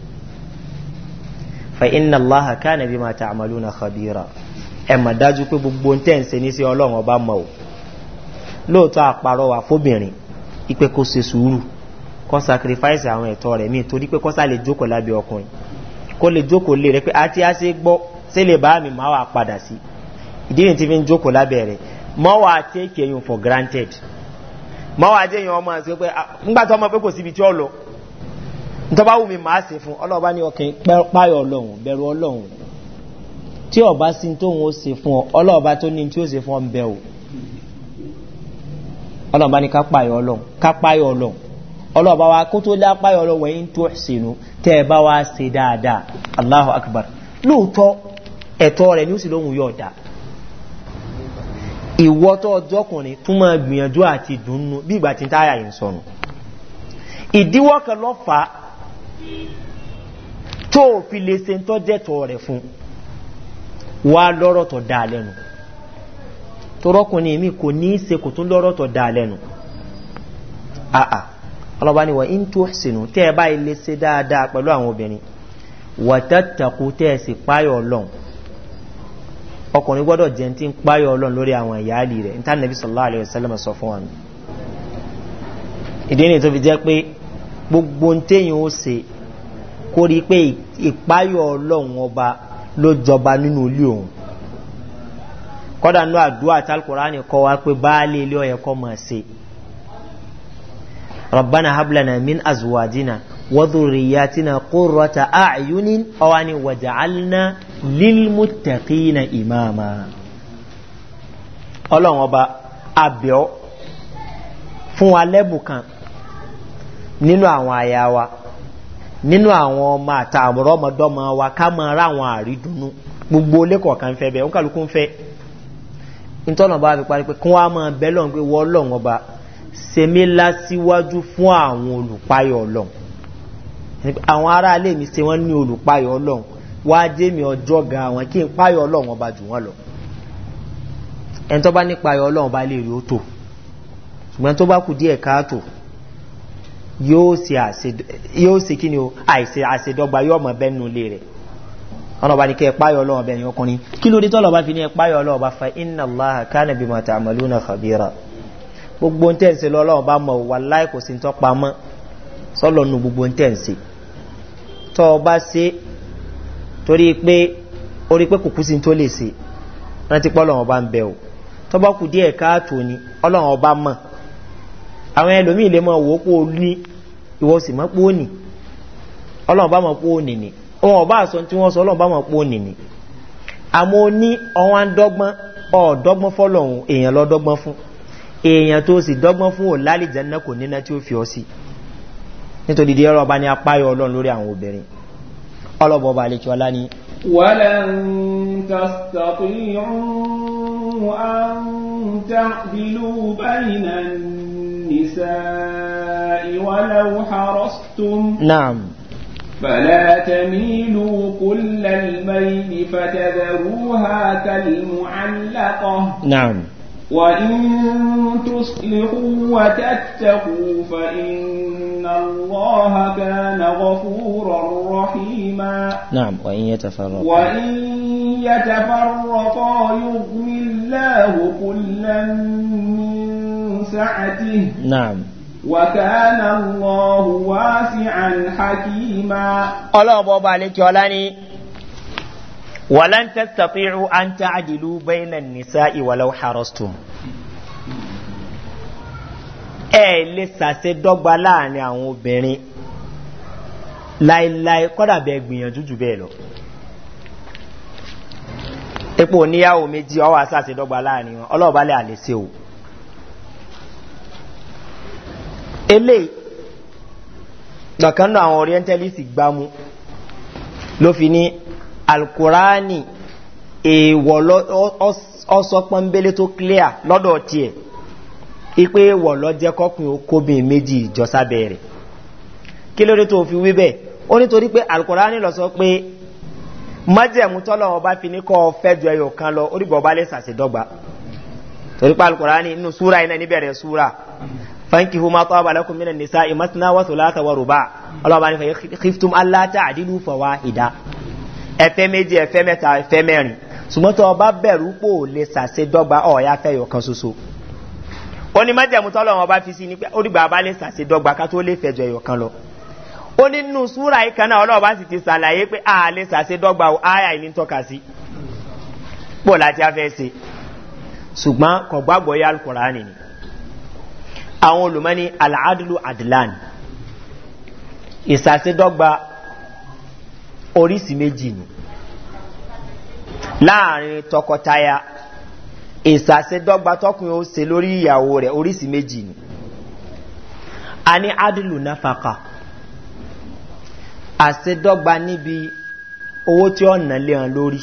Speaker 1: fa inna allaha kana bi ma ta'maluna khabira ẹ mà dájú pé gbogbo ntẹ́ ń se ní sí ọlọ́run ọba mọ̀ o lóòótọ́ àparọ́ wà fóbìnrin ipe kó se sùúrù kọ́ sacrifice àwọn ẹ̀tọ́ rẹ̀ míì torí pé kọ́sà lè jókòó lábẹ́ ọkùnrin kó lè jókòó lè rẹ pé àti àṣẹ gbọ́ sí lè bá mi máa wà padà sí ìdí ni ti fi ń jókòó lábẹ́ rẹ̀ mọ́ wàá take you for granted mọ́ wàá jẹ́ yẹn ọmọ àti pé ńgbà ah, tó ọmọ pé kò síbi tí ó lọ tọ́ba wù mí màá sì fún ọlọ́ọ̀bá ní ọkàn páyọ̀ ọlọ́run bẹ̀rù ọlọ́run tí ọba sí tóun ó ṣe fún ọ ọlọ́ọ̀bá tó ní tí ó ṣe fún ọ ń bẹ̀ o ọlọ́ọ̀bá ní kápáyọ̀ ọlọ́run kápáyọ̀ ọlọ́run ọlọ́ọ̀bá wa kó tó lápáyọ̀ ọlọ́run ẹ̀yìn tó ṣìnú tẹ́ ẹ bá wa ṣe dáadáa allahu akbar lóòótọ́ ẹ̀tọ́ rẹ̀ ní ó sì lóhun yóò dáa ìwọ́ tó ọjọ́kùnrin tún máa gbìyànjú àti dùnnú bí ìgbà tí ń táyà yìí sọnù ìdíwọ́ kan lọ́fàá tó o fi lè se tó jẹ́tọ̀ rẹ̀ fún wa lọ́rọ̀ tó dáa lẹ́nu torọ́kùnrin mi kò ní í se kò tún lọ́rọ̀ tó dáa lẹ́nu àà ọlọ́ba ni wà ń tó sínú tẹ́ ẹ báyìí lè se dáadáa pẹ̀lú àwọn obìnrin wà tẹ́tàkù tẹ́ ẹ sì páyọ̀ ọlọ́run ọkùnrin gbọ́dọ̀ jẹ́ ti ń páyọ̀ ọlọ́run lórí àwọn ìyáàlì rẹ̀ nítorí nàbí sọ̀lá àlẹ́ ìdí ni tó fi jẹ́ pé gbogbo téèyàn ó se kó rí pé ìpáyọ̀ ọlọ́run ọba ló jọba nínú ilé òun kọ́dà ní àdúrà tálkùrá ní kọ́ wá pé báálé ilé ọ̀yẹ́ kọ́ mọ̀ sí rọ̀bánà hablana min azuwadina wọ́dúnrìyàtina kúrọ̀ta ààyúní ọwá ni wàjàálná lílmùtàkínà ìmáàmà ọlọ́run ọba àbẹ̀ọ́ fún wa lẹ́bùkan nínú àwọn àyà wa nínú àwọn ọmọ àtààmúrọ́ ọmọdọ́mọ wa ká máa ráwọn àrídùnú gbogbo lẹ́kọ̀ọ̀kan fẹ́ bẹ́ẹ̀ ó kálukú ń fẹ́ ìtọ́nà bá fi parí pé kí wọ́n á máa bẹ́ lọ́n pé wọ́n lọ́n ọba sèmi lásìwájú fún àwọn olùpayọ̀ ọlọ́n àwọn aráalé mi se wọ́n ní olùpayọ̀ ọlọ́n wá jẹ́mi ọjọ́ ga àwọn kí n payọ̀ ọlọ́n ọba jù wọ́n lọ ẹni tó bá nípayọ̀ ọlọ́n ọba lè rí ó tò ṣùgbọ́n tó bá kù díẹ̀ káàtò yóò se kí ni o àìsè àṣedọ́gba yóò mọ̀ bẹ́ẹ̀ nù lé rẹ̀ ọlọ́ba ní kí ẹ páyọ̀ ọlọ́wọ́ bẹ̀rẹ̀ ọkùnrin kí ló dé tọ́lọ́ba fi ní ẹ páyọ̀ ọlọ́wọ́ bá fa iná láhà kánà bí màtà àmàlú náà fàbíra gbogbo ń tẹ̀sí lọ́lọ́wọ́ bá mọ̀ wà láì kò sí ń tọ́pa mọ́ sọ́lọ́ nu gbogbo ń tẹ̀sí tọ́ ọ bá ṣe torí pé orí pé kùkú sí tó lè ṣe rántí pé ọlọ́wọ́ bá ń bẹ̀ o tọ́ bá kù díẹ̀ káàtó ni ọlọ́wọ́ bá mọ̀ àwọn ẹlòmíì lè mọ̀ wò ó pé o ní ìwọ sì mọ́ pé ó nì ọlọ́run bá mọ̀ pé ó nì ni, ohun ọba àsọ tí wọ́n sọ ọlọ́run bá mọ̀ pé ó nì ní àmọ́ ó ní ọwọ́ á ń dọ́gbọ́n ọ̀ọ́dọ́gbọ́n fọlọ́hún èèyàn lọ dọ́gbọ́n fún èèyàn tó sì dọ́gbọ́n fún ò lálìjẹ́ náà kò níná tí ó fi ọ sí nítorí díẹ̀ ọlọ́ba ní apáyọ ọlọ́run lórí àwọn obìnrin ọlọ́bọ̀ ọba àlejò ọlá ni
Speaker 2: ولن تستطيعوا أن تعدلوا بين النساء ولو حرصتم
Speaker 1: نعم فلا
Speaker 2: تميلوا كل الميل فتذروها كالمعلقة نعم وإن تصلحوا وتتقوا فإن الله كان غفورا رحيما
Speaker 1: نعم وإن يتفرقا وإن
Speaker 2: يتفرقا يغني الله كلا من سعته نعم وكان
Speaker 1: الله واسعا حكيما الله بابا عليك ولاني walan tastati'u an ta'dilu bainan nisa'i walau harastum ẹ lè sàṣe dọ́gba láàrin àwọn obìnrin láíláí kọ́dà bẹ gbìyànjú jù bẹ́ẹ̀ lọ epo oníyàwó méjì ọwọ́ àṣàṣe dọ́gba láàrin wọn ọlọ́ọ̀bá lè àlè ṣe o eléyìí lọ́kàn àwọn orientalist gbámú ló fi ní alukurani èèwọ̀ ọsọ pọ́nbélé tó clear lọ́dọ̀ tiẹ̀ ipe èèwọ̀ lọ́jẹ́ kọkùnrin okóbìn méjì ìjọsábẹ̀ rẹ̀ kí ló dé tó fi wí bẹ́ẹ̀ ó nítorí pé alukurani lọ sọ pé májẹ̀mú tọ́lọ̀ ọba fi ní kọ́ fẹ́ ju ẹyọ kan lọ orígbọ̀ ọba lè sàṣẹ̀dọ́gba torí pé alukurani inú súra iná níbẹ̀rẹ̀ súra fanki hu ma taba lakum minan nisa'i masna wa thulatha wa ruba Allah ba ni fa khiftum alla ta'dilu fawahida ẹfẹ́ méjì ẹfẹ́ mẹ́ta ẹfẹ́ mẹ́rin ṣùgbọ́n tó ọba bẹ̀rù pò lè ṣàṣe dọ́gba ọ̀ọ́yá fẹ́yọ̀ kan ṣoṣo ó ní májẹ̀mú tọ́lọ̀ wọn fi sí ni pé ó dìgbà bá lè ṣàṣe dọ́gba ká tó lè fẹ̀jọ ẹ̀yọ̀ kan lọ ó ní nínú súra yìí kan náà ọlọ́ọ̀bá sì ti ṣàlàyé pé a lè ṣàṣe dọ́gba o aya ìní tọ́ka sí pò láti afẹ́ ṣe ṣùgbọ́n kò gbàgbọ́ yá alukọ̀rá oríṣi méjì ni láàrin tọkọtaya ìsàsedọ́gba tọkùnrin ó se lórí ìyàwó rẹ̀ oríṣi méjì ni a ní adìlù náfàkà àsedọ́gba níbi owó tí ó nà lé hàn lórí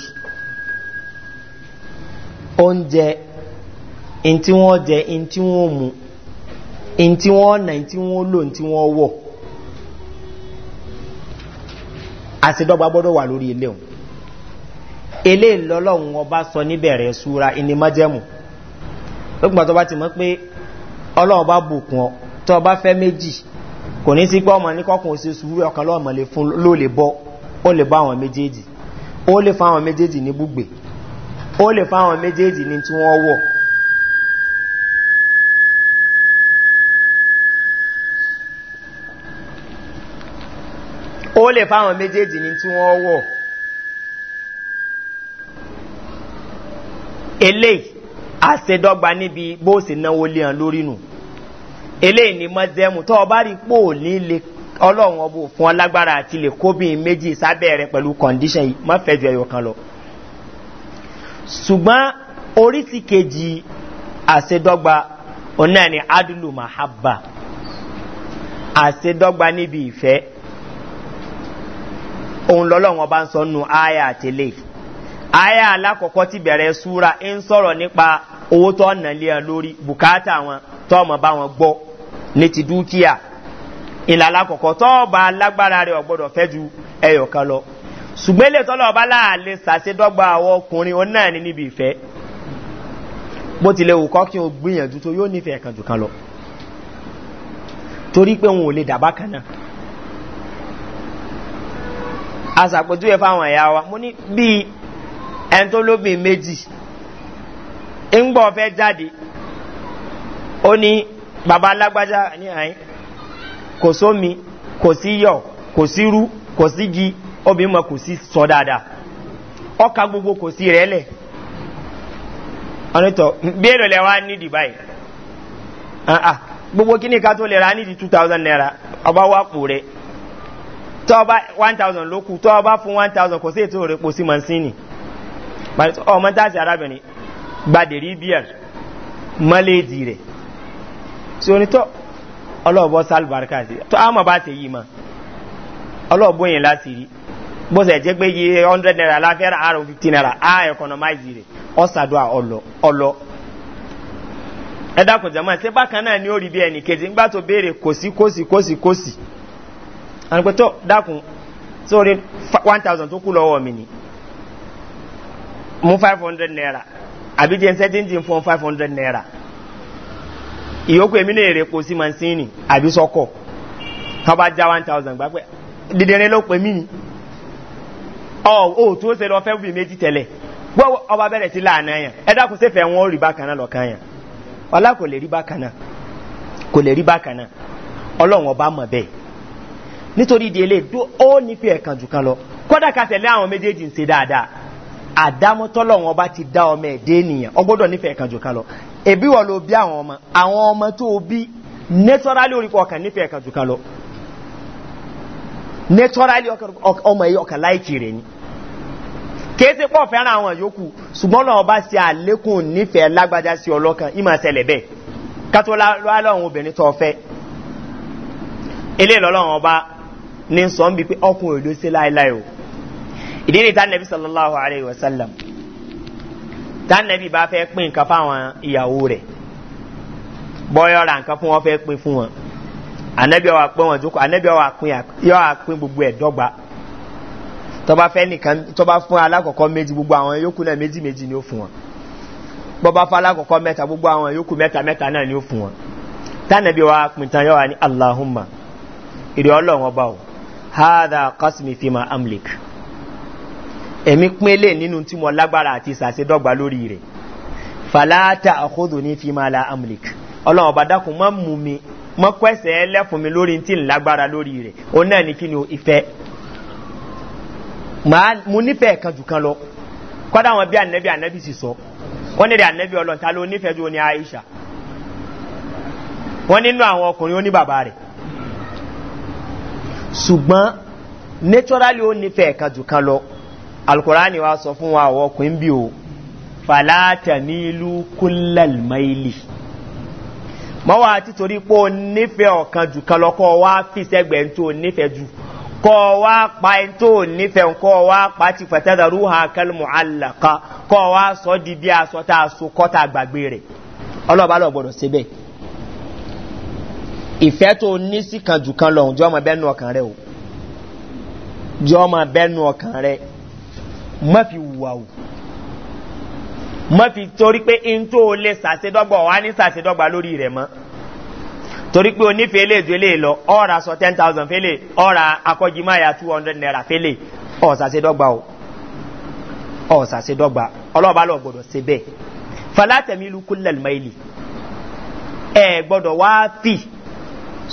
Speaker 1: oúnjẹ in tí jẹ in tí wọ́n mu in tí wọ́n nà in tí lò in tí wọ́n àṣedọ́gba gbọ́dọ̀ wà lórí ilé òun ilé ìlọ́lọ́run ọba sọ níbẹ̀rẹ̀ ṣúra ìní májẹ̀mù lókùnbà tó bá ti mọ́ pé ọlọ́run bá bùkún ọ tó ọba fẹ́ méjì kò ní sí pé ọmọ ní kọkùn sí sùúrù ọkàn lọ́ọ̀mọ̀ lè fún ló lè bọ́ ó lè bá àwọn méjèèjì ó lè fún àwọn méjèèjì ní gbùgbé ó lè fún àwọn méjèèjì ní tí wọ́n wọ̀ àkọọ́lẹ̀ fáwọn méjèèjì ní tí wọ́n wọ̀ eléyìí àṣedọ́gba níbi bó náwó lé hàn lórí nù ni mọ́jẹ́mù tó ọba rí pò ní lè ọlọ́run ọbọ̀ fún ọ àti lè kóbìn méjì sábẹ́ rẹ pẹ̀lú yìí fẹ́ ju ẹyọ kan lọ ṣùgbọ́n oríṣi kejì ni mahaba níbi ìfẹ́ òun lọ́lọ́wọ́n bá ń sọ nù áyà àtẹlẹ́ áyà alákọ̀ọ́kọ́ ti bẹ̀rẹ̀ súra ń sọ̀rọ̀ nípa owó tó ọ̀nà lé ẹ lórí bùkátà wọn tọ́ọ̀mọ̀ bá wọn gbọ́ ní ti dúkìá ìlà alákọ̀ọ́kọ́ tọ́ọ̀bà alágbára rẹ̀ ọ̀gbọ́dọ̀ fẹ́ ju ẹyọ̀kan lọ ṣùgbọ́n ilé tọ́lọ̀ ọba láàlẹ́ sàṣedọ́gba àwọn ọkùnrin òun náà ní níbi ìfẹ́ bó tilẹ̀ wù kọ́ kí o gbìyànjú tó yóò nífẹ̀ẹ́ kan jù kan lọ torí pé òun ò lè dàbá kan náà àṣàpèjúwe fáwọn ẹ̀yà wa mo ní bíi ẹni tó lóbìn méjì ń gbọ́ fẹ́ jáde ó ní baba alágbájá ní àyín kò sómi kò sí yọ kò sí rú kò sí gi obìnrin mọ kò sí sọ dáadáa ọkà gbogbo kò sí rẹ lẹ ọ̀nìtọ̀ bí èrò lẹ wá ní dubai ah, ah, gbogbo kí ni ká tó lè ra ní di two thousand naira ọba wa pò rẹ. tọ́ ọba one thousand ló kù tọ́ fún one thousand kò sí ètò rẹ̀ pò sí ọmọ arábìnrin bíẹ̀ rẹ̀ tí tọ́ sálùbáríkà sí tọ́ bá yìí láti rí bó jẹ́ pé yìí naira láfẹ́ ni ànípẹ́tọ́ dakun, sórí one thousand tó kú lọ́wọ́ mi ni mú five hundred naira àbí jẹ́ sẹ́tíǹtì fún five hundred naira ìyókù èmi náà èrè kò sí mansini àbí sọ́kọ̀ tó bá já one thousand gbá pé dídẹ̀rẹ́ ló pè mí ni ọ̀ ò tó ṣe lọ fẹ́ bí méjì tẹ́lẹ̀ gbọ́ ọba bẹ̀rẹ̀ sí láàánú yẹn ẹ dákun sí fẹ́ wọn rí bákan náà lọ́kàn yẹn wàlá kò lè rí bákan náà kò lè rí bákan náà ọlọ́run ọba mọ̀ bẹ́ẹ̀ nítorí ìdí ilé ó nífẹ̀ẹ́ ẹ̀kan jù kan lọ kọ́dà ká tẹ̀lé àwọn méjèèjì ń se dáadáa àdámọ́tọ́lọ̀ wọn bá ti dá ọmọ ẹ̀dẹ́ ènìyàn ọ gbọ́dọ̀ nífẹ̀ẹ́ ẹ̀kan jù kan lọ ẹ̀bí wọ́n ló bí àwọn ọmọ àwọn ọmọ tó bí nẹ́tọ́rálì orípọ̀ ọkàn nífẹ̀ẹ́ ẹ̀kan jù kan lọ nẹ́tọ́rálì ọmọ ẹ̀yọ ọkàn láìkì rẹ̀ ni kéèsì pọ̀ fẹ́ràn àwọn yòókù ṣùgbọ́n lọ́wọ́ bá ṣe àlékún nífẹ̀ẹ́ lágbájá sí ọlọ́kan ìmọ̀ ṣẹlẹ̀ bẹ́ẹ̀ kátó lọ́wọ́ obìnrin tó fẹ́ eléyìí lọ́wọ́ ọba ní sọ ń bi pé ọkùnrin òdo sí láéláé o ìdí ni tánàbí sallallahu alayhi wa sallam tánàbí bá fẹ́ pín nǹkan fáwọn ìyàwó rẹ̀ bọ́yọ̀ ra nǹkan fún wọn fẹ́ pín fún wọn anabi wa pín wọn jókòó anabi wa pín yọ wa pín gbogbo ẹ̀ dọ́gba tọba fẹ́ nìkan tọba fún alákọ̀ọ́kọ́ méjì gbogbo àwọn yòókù náà méjì méjì ni ó fún wọn bọba fún alákọ̀ọ́kọ́ mẹ́ta gbogbo àwọn yòókù mẹ́ta mẹ́ta náà ni ó fún wọn tánàbí wa pín tán yọ wa ní allahumma ìdí ọlọ́run ọba o hádà kọ́sìmì fi ma amlik èmi pín lè nínú tí mo lágbára àti ìsàṣẹ́dọ́gba lórí rẹ̀ fàlátà àkóso ní fi ma la amlik ọlọ́run ọba dákun mọ́ mú mi mọ́ pẹ́sẹ̀ ẹlẹ́fun mi lórí tí ń lágbára lórí rẹ̀ ó náà ní kí ni ìfẹ́ mo nífẹ̀ẹ́ kan jù kan lọ kọ́dá wọn bí ànẹ́bí ànẹ́bí sì sọ wọ́n nílẹ̀ ànẹ́bí ọlọ́ta ló nífẹ̀ẹ́ ju ní aisha wọ́n nínú àwọn ọkùnrin ó ní bàbá rẹ̀ ṣùgbọ́n naturally ó nífẹ̀ẹ́ kan jù kan lọ alukurani wa sọ fún wa àwọn ọkùnrin bí o falata milu kullal maili mọ́wá torí pé o nífẹ̀ẹ́ ọ̀kan jù kan lọ kọ́ wa fi sẹ́gbẹ̀ẹ́ tó o nífẹ̀ẹ́ jù kọ́ wa pa ẹ̀ tó o nífẹ̀ẹ́ kọ́ wa pa ti fẹ̀tẹ́dà ruha kalmu alaka kọ́ wa sọ di bí aṣọ tá a tá a gbàgbé rẹ̀ ọlọ́ba lọ gbọ́dọ̀ síbẹ̀ ìfẹ́ tó ní sí kan jù kan lọ́hùn jọ́mọ bẹ́nu ọkàn rẹ o jọ́mọ bẹ́nu ọkàn rẹ má fi wùwà o má fi torí pé n tó o lè sàṣedọ́gba ọ̀wá ní sàṣedọ́gba lórí rẹ̀ mọ́ torí pé onífẹ́ lè ju eléyìí lọ ọ̀rà sọ ten thousand fẹ́lẹ̀ ọ̀rà akọ́jimáyà two hundred naira fẹ́lẹ̀ ọ̀sàṣedọ́gba o ọ̀sàṣedọ́gba ọlọ́ọ̀bá lọ gbọ́dọ̀ ṣe bẹ́ẹ̀ falatẹ̀mílù kúlẹ̀ lẹ́mẹ́lì ẹ̀ gbọ́dọ̀ wá fì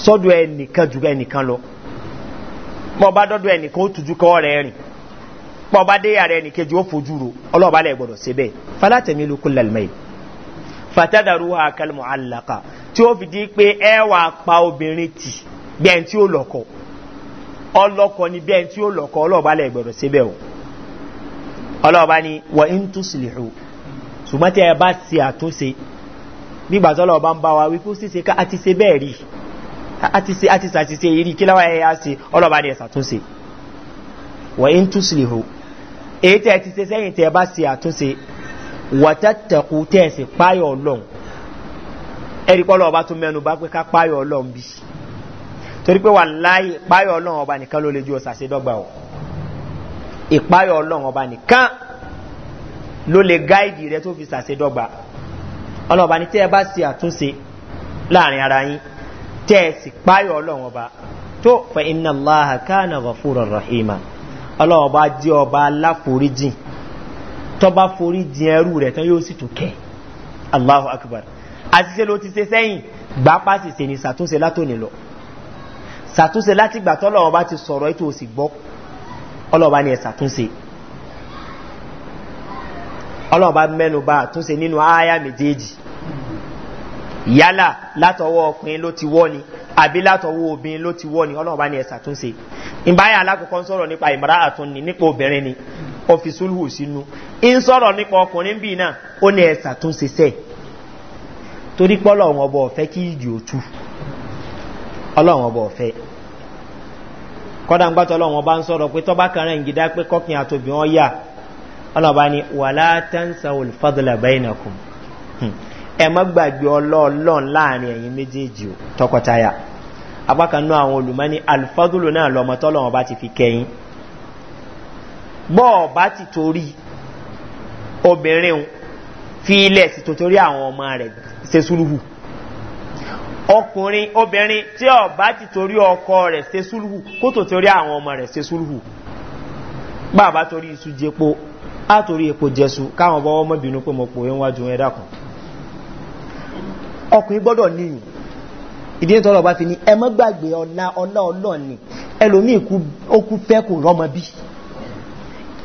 Speaker 1: sọ́dọ̀ ẹnìkan jù ẹnìkan lọ pọ̀ bá ẹnìkan ó tujú kọ́ rẹ̀ rìn pọ̀ dé yàrá ẹnìkejì ó fojú ro ọlọ́ọ̀bá lẹ̀ gbọ́dọ̀ ṣe fatadaru alaka tí ó fi di pé ẹ wà pa obìnrin tì bí tí ó ni bí tí ó ọlọ́ọ̀bá lẹ̀ o ọlọ́ọ̀bá ni ń tún ṣùgbọ́n tí ẹ bá ṣe àtúnṣe nígbà ń bá wa wípé ó ṣe ká àti ṣe bẹ́ẹ̀ rí i àti se àti sàtìsẹ eré kí láwọn ẹ̀yà se ọlọ́ba ni ẹ̀sà tún se wọ́n ń tún sílẹ̀ hó èyí tẹ́ ẹ ti se sẹ́yìn tẹ́ ẹ bá se àtúnse wọ́tẹ́tẹ̀kù tẹ́ ẹ sì páyọ̀ ọlọ́run ẹ̀rí kọ́ lọ́ọ̀bá tún mẹ́nu bá pé ká páyọ̀ ọlọ́run bí torí pé wà láyé páyọ̀ ọlọ́run ọba nìkan ló lè ju ọ̀sà sí dọ́gba o ìpáyọ̀ ọlọ́run ọba nìkan ló lè gáìdì rẹ tó fi sàṣẹ dọ́gba ọlọ́ọ̀bá ni tẹ́ ẹ bá se àtúnse láàrin ara yín tẹ́ẹ̀sì páyọ̀ ọlọ́wọ́n ba tó fa iná láha káàna gọ̀fúrò rahima ọlọ́wọ́n bá jẹ́ ọba aláforíjìn tọ́ba foríjìn ẹrú rẹ̀ tán yóò sì tún kẹ́ allahu akbar àṣìṣe ló ti ṣe sẹ́yìn gbà pàṣẹ ṣe ni ṣàtúnṣe látòní lọ ṣàtúnṣe láti gbà tọ́lọ́wọ́n bá ti sọ̀rọ̀ ètò òsì gbọ́ ọlọ́wọ́n bá ní ẹ̀ ṣàtúnṣe ọlọ́wọ́n bá mẹ́nu bá àtúnṣe nínú ááyá méjèèjì yálà látọwọ́ ọkùnrin ló ti wọ́ ni àbí látọwọ́ ti wọ́ ni ọlọ́run bá ní ẹ̀sà tún ṣe ìbáyà alákọ̀ọ́kọ́ ń sọ̀rọ̀ ni nípa obìnrin ni ó sínú ń sọ̀rọ̀ nípa ọkùnrin bíi náà ó ní ẹ̀sà tún ṣe sẹ́ẹ̀ torí pé ọlọ́run ọba ọ̀fẹ́ kí ẹmọ́ gbàgbé ọlọ́ọ̀lọ́n láàrin ẹ̀yìn méjèèjì tọkọtaya apákanú àwọn olùmọ́ni alfadúlò náà lọmọ tọ́lọ̀wọ̀n bá ti fi kẹyìn bọ́ọ̀ bá ti torí obìnrin fi ilẹ̀ sí torí àwọn ọmọ rẹ̀ ṣe súlùhù ọkùnrin obìnrin tí ọ bá ti torí ọkọ rẹ̀ ṣe súlùhù kó tó torí àwọn ọmọ rẹ̀ ṣe súlùhù bá a bá torí isu jẹpo á torí epo jẹsu káwọn bọ́wọ́ mọ́bìnú pé mo pòwe wájú ẹ̀dá kan ọkùnrin gbọ́dọ̀ níyìn ìdí nítorí ọba fi ní ẹ gbàgbé ọla ọ̀la ni ẹlòmíì ó kú fẹ́ kò rọmọ bí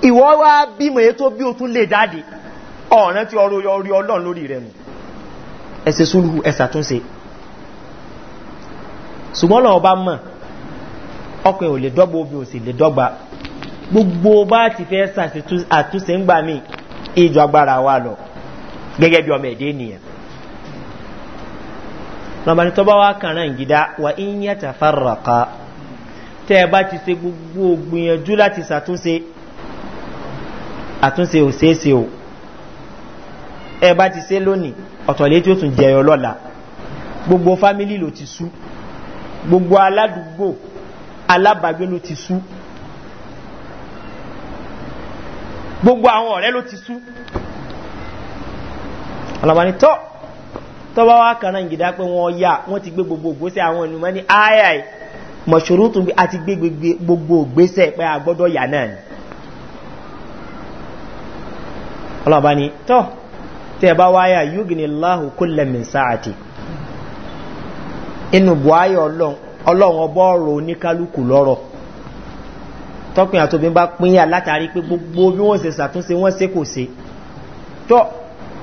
Speaker 1: ìwọ wá bímọ ètò bí o tún lè jáde ọ̀ràn tí ọrọ̀ orí ọlọ́run lórí rẹ̀ ẹsẹ̀ gẹ́gẹ́ bí ọmọ ẹ̀dẹ́ lọ́ba ní tọ́ba wa kàn náà gidá wà ń yẹ tàfàràkà tẹ́ ẹ bá ti ṣe gbogbo gbìyànjú láti ṣàtúnṣe àtúnṣe ò ṣeéṣe o ẹ bá ti ṣe lónìí ọ̀tọ̀lẹ́ tí ó tún jẹyọ lọ́la gbogbo fámílì ló ti sú gbogbo aládùúgbò alábàgbé ló ti sú gbogbo àwọn ọ̀rẹ́ ló ti sú ọ̀làbànítọ́ tọ́wọ́ wá kan náà gidá pé wọ́n yá wọ́n ti gbé gbogbo ògbésẹ̀ àwọn ènìyàn ní ayáì mọ̀ṣòro tún bí a ti gbé gbogbo ògbésẹ̀ pé a gbọ́dọ̀ yà náà ni. ọlọ́ba ni tọ́ tẹ́ ẹ bá wáyà yúgìnì láhù kó lẹ́mìn sáàtì inú buhari ọlọ́run ọbọ̀ ọ̀rọ̀ oníkálukú lọ́rọ̀ tọ́pìn àtòbí bá pínyà látàrí pé gbogbo bí wọ́n ṣe ṣàtúnṣe wọ́n ṣe kò ṣe tọ́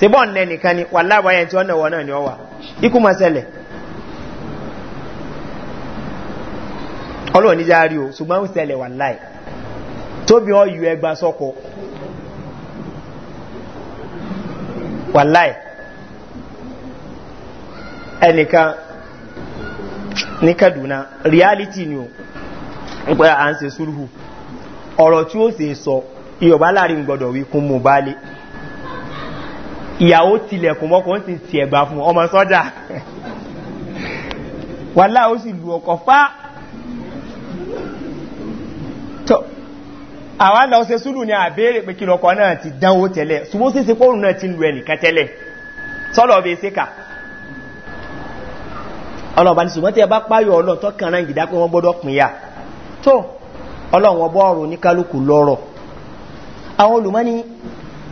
Speaker 1: se bọ́ ǹnẹ́ nìkan ni wà lábáyé tí ọ̀nà náà ni ọ wà ikú ma sẹlẹ̀ ọlọ́run níjà o ṣùgbọ́n ó sẹlẹ̀ wà láì ọ ọyù ẹgbà sọ́kọ wà láì ẹnìkan ní reality ni o ìpẹ́ à ń se súrùhù ọ̀rọ̀ tí ó sì sọ ìyọ̀bá láàrin gbọ́dọ̀ mú bá ìyàwó tilẹ̀kùn mọ́kùn sì ti ẹ̀gbà fún ọmọ sọ́jà wà láà ó sì lù ọkọ̀ fá tó àwọn àlọ́ ṣe súlù ní àbẹ́rẹ̀ pé kí lọkọ̀ náà ti dánwó tẹ́lẹ̀ ṣùgbọ́n sí sepọ́rùn náà ti lù ẹnìkan tẹ́lẹ̀ sọ́lọ̀ bẹ ṣe kà ọlọ́ọ̀bá ní ṣùgbọ́n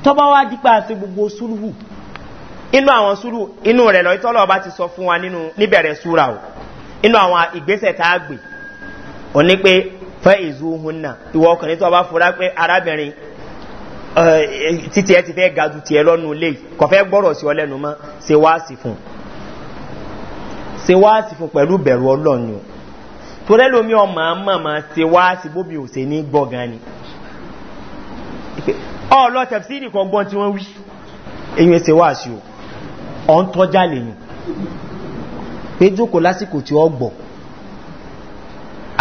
Speaker 1: tọ́bá wá dípa àti gbogbo súlùú inú àwọn súlùú inú rẹ̀ lọ ìtọ́lọ̀ ọba ti sọ fún wa nínú níbẹ̀rẹ̀ súra o inú àwọn ìgbésẹ̀ tá a gbè ò ní pé fẹ́ ìzú hun náà ìwọ ọkùnrin tó bá fura pé arábìnrin eh, títí ẹ ti fẹ́ ga ju tiẹ̀ lọ́nu ilé kò fẹ́ gbọ́rọ̀ sí ọ lẹ́nu mọ́ ṣe wá sí fún ṣe wá sí fún pẹ̀lú bẹ̀rù ọlọ́ọ̀ni o torẹ́ lomi ọmọ àmọ́ ṣe wá sí bóbi ò ní gbọ̀ngàn ni ọ̀lọ́ tẹ̀fsìrì kan gbọ́n tí wọ́n wí èyàn ẹsẹ̀ wá sí o ọ̀ ń tọ́já lèyìn pé jókòó lásìkò tí ó gbọ̀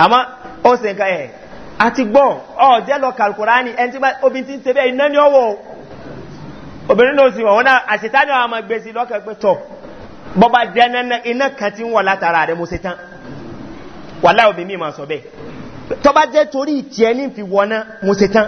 Speaker 1: àmọ́ ó sì ń ka ẹ̀ àti gbọ́ ọ̀jẹ́ lọ kàlùkùrá ni ẹni tí bá obìnrin ti ń tẹ́bẹ̀ iná ní ọwọ́ obìnrin náà sì wọ̀ wọ́n náà àṣetánì àwọn ọmọ gbèsè lọ́kẹ́ pé tọ̀ bọ́ba jẹ́ iná kan ti ń wọ̀ látara rẹ̀ mo ṣe tán wàhálà obìnrin mi máa sọ bẹ́ẹ̀ tọ́ba jẹ́ torí ìtì ẹni fi wọ́ná mo ṣe tán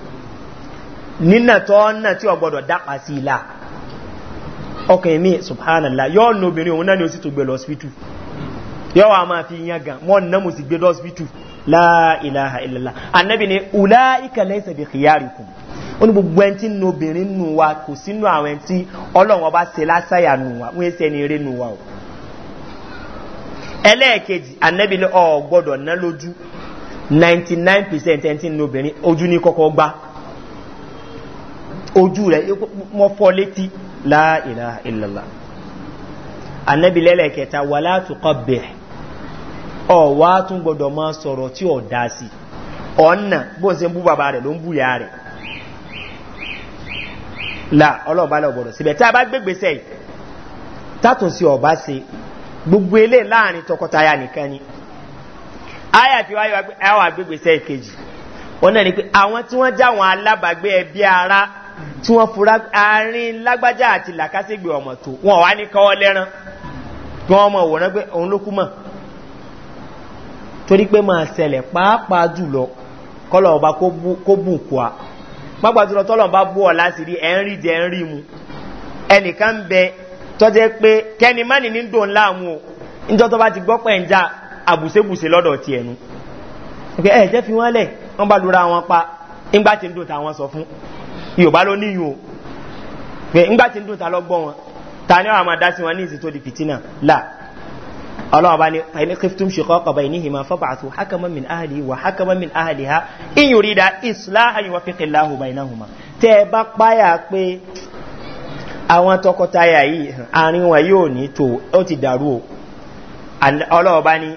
Speaker 1: nínà tó ọ̀nà tí ọgbọ́dọ̀ dápa sí ilá ọkàn èmì subhanallah yọ́ nà obìnrin òun náà ni ó sì tó gbé lọ́sípítù yọ́ wa máa fi yán gan wọ́n náà mo sì gbé lọ́sípítù láìláha ìlàlá annabi ni ula ikẹ̀lẹ́ ìsẹ̀bẹ̀ kìyàrìkùn ó ní gbogbo ẹni tí nù obìnrin nù wa kò sínú àwọn ẹni tí ọlọ́run ọba ṣe lásàyà nù wa wọ́n ṣe ẹni eré nù wa o ẹlẹ́ẹ̀kejì annabi ni ọ̀ gbọ́dọ̀ ná lójú 99 percent ẹni tí nù obìnrin ojú ní kọ́kọ́ gbá ojú rẹ̀ mọ́ fọ́ létí láìlà ìlàlá anábìlẹ́lẹ̀ kẹta wà látùkọ́ bẹ̀rẹ̀ ọ̀wá tún gbọdọ̀ máa sọ̀rọ̀ tí ọ̀ dá sí ọ̀nà bó ń se ń bú bàbá rẹ̀ ló ń bú ya rẹ̀ la ọlọ́ọ̀bá lọ gbọdọ̀ síbẹ̀ tí àwọn àgbégbèsè kejì wọn náà ni pé àwọn tí wọ́n já àwọn alábàgbé ẹbí ara tí wọ́n fura àárín lágbájá àti làkásígbè ọmọ tó wọn wá ní kọ́wọ́ lẹ́ran kí wọ́n mọ̀ wòrán pé òun ló kú mọ̀ torí pé máa ṣẹlẹ̀ pàápàá jùlọ kọ́lọ̀ ọba kó bù kù á pàápàá jùlọ tọ́lọ̀ bá bú ọ láti rí ẹ̀ ń rí jẹ́ ń rí mu ẹnìkan bẹ tọ́jẹ́ pé kẹ́ni má ní ní dùn láàmú o níjọ́ tó bá ti gbọ́ pẹ̀ ń já àbùsébùsé lọ́dọ̀ tiẹ̀ nu ẹ̀ fi wọ́n lẹ̀ wọ́n bá lura wọn pa nígbà tí ń dùn táwọn sọ fún yorùbá ló níyùn o pé ńgbà tí ń dùn ta lọ gbọ́ wọn ta ni àwọn àmàdá sí wọn ní ìsìn tó di fìtínà là ọlọ́wọ́ bá ní ẹni kìftùm ṣìkọ́ kọ̀bà ìníhì máa fọ́ bàtú hákàmọ́ min áhàlì wà hákàmọ́ min áhàlì ha ìyùn rí da isla ayùwà fíkì láhùn bá iná hùmà tẹ́ ẹ bá páyà pé àwọn tọkọtaya yìí àárín wọn yóò ní tó ó ti dàrú o ọlọ́wọ́ bá ní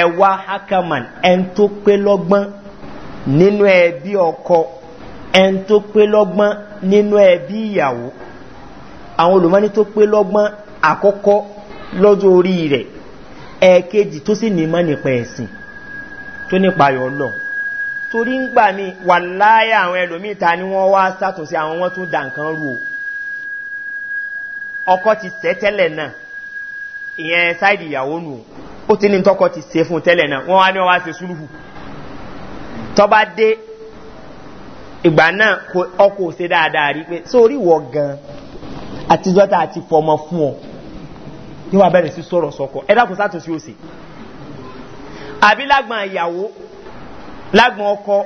Speaker 1: ẹwà hákàmọ́ ẹni tó pé lọ́gbọ́n nínú ẹbí ọkọ̀ ẹn tó pé lọ́gbọ́n nínú ẹbí ìyàwó àwọn olùmọ́ni tó pé lọ́gbọ́n àkọ́kọ́ lọ́jọ́ orí rẹ̀ ẹ̀ẹ̀kejì tó sì ní mọ́ nípa ẹ̀sìn tó nípa ayọ̀ lọ torí ń gbà mí wà láyé àwọn ẹlòmíì ni wọ́n wá sátúnṣe àwọn wọn tún dà nǹkan rú o ọkọ ti sẹ́ tẹ́lẹ̀ náà ìyẹn sáìdì ìyàwó nù ó ti ní tọkọ ti se fún tẹ́lẹ̀ náà wọ́n wá ní wọ́n wá se súlùfù tọ́ba dé ìgbà náà ọkọ̀ òsè dáadáa rí pé sórí wọ gan àtijọ́ tá a ti fọmọ fún ọ níwà bẹ̀rẹ̀ sí sọ̀rọ̀ sọ̀kọ̀ ẹ dákun sátúnṣe òsè àbí lágbọn ìyàwó lágbọn ọkọ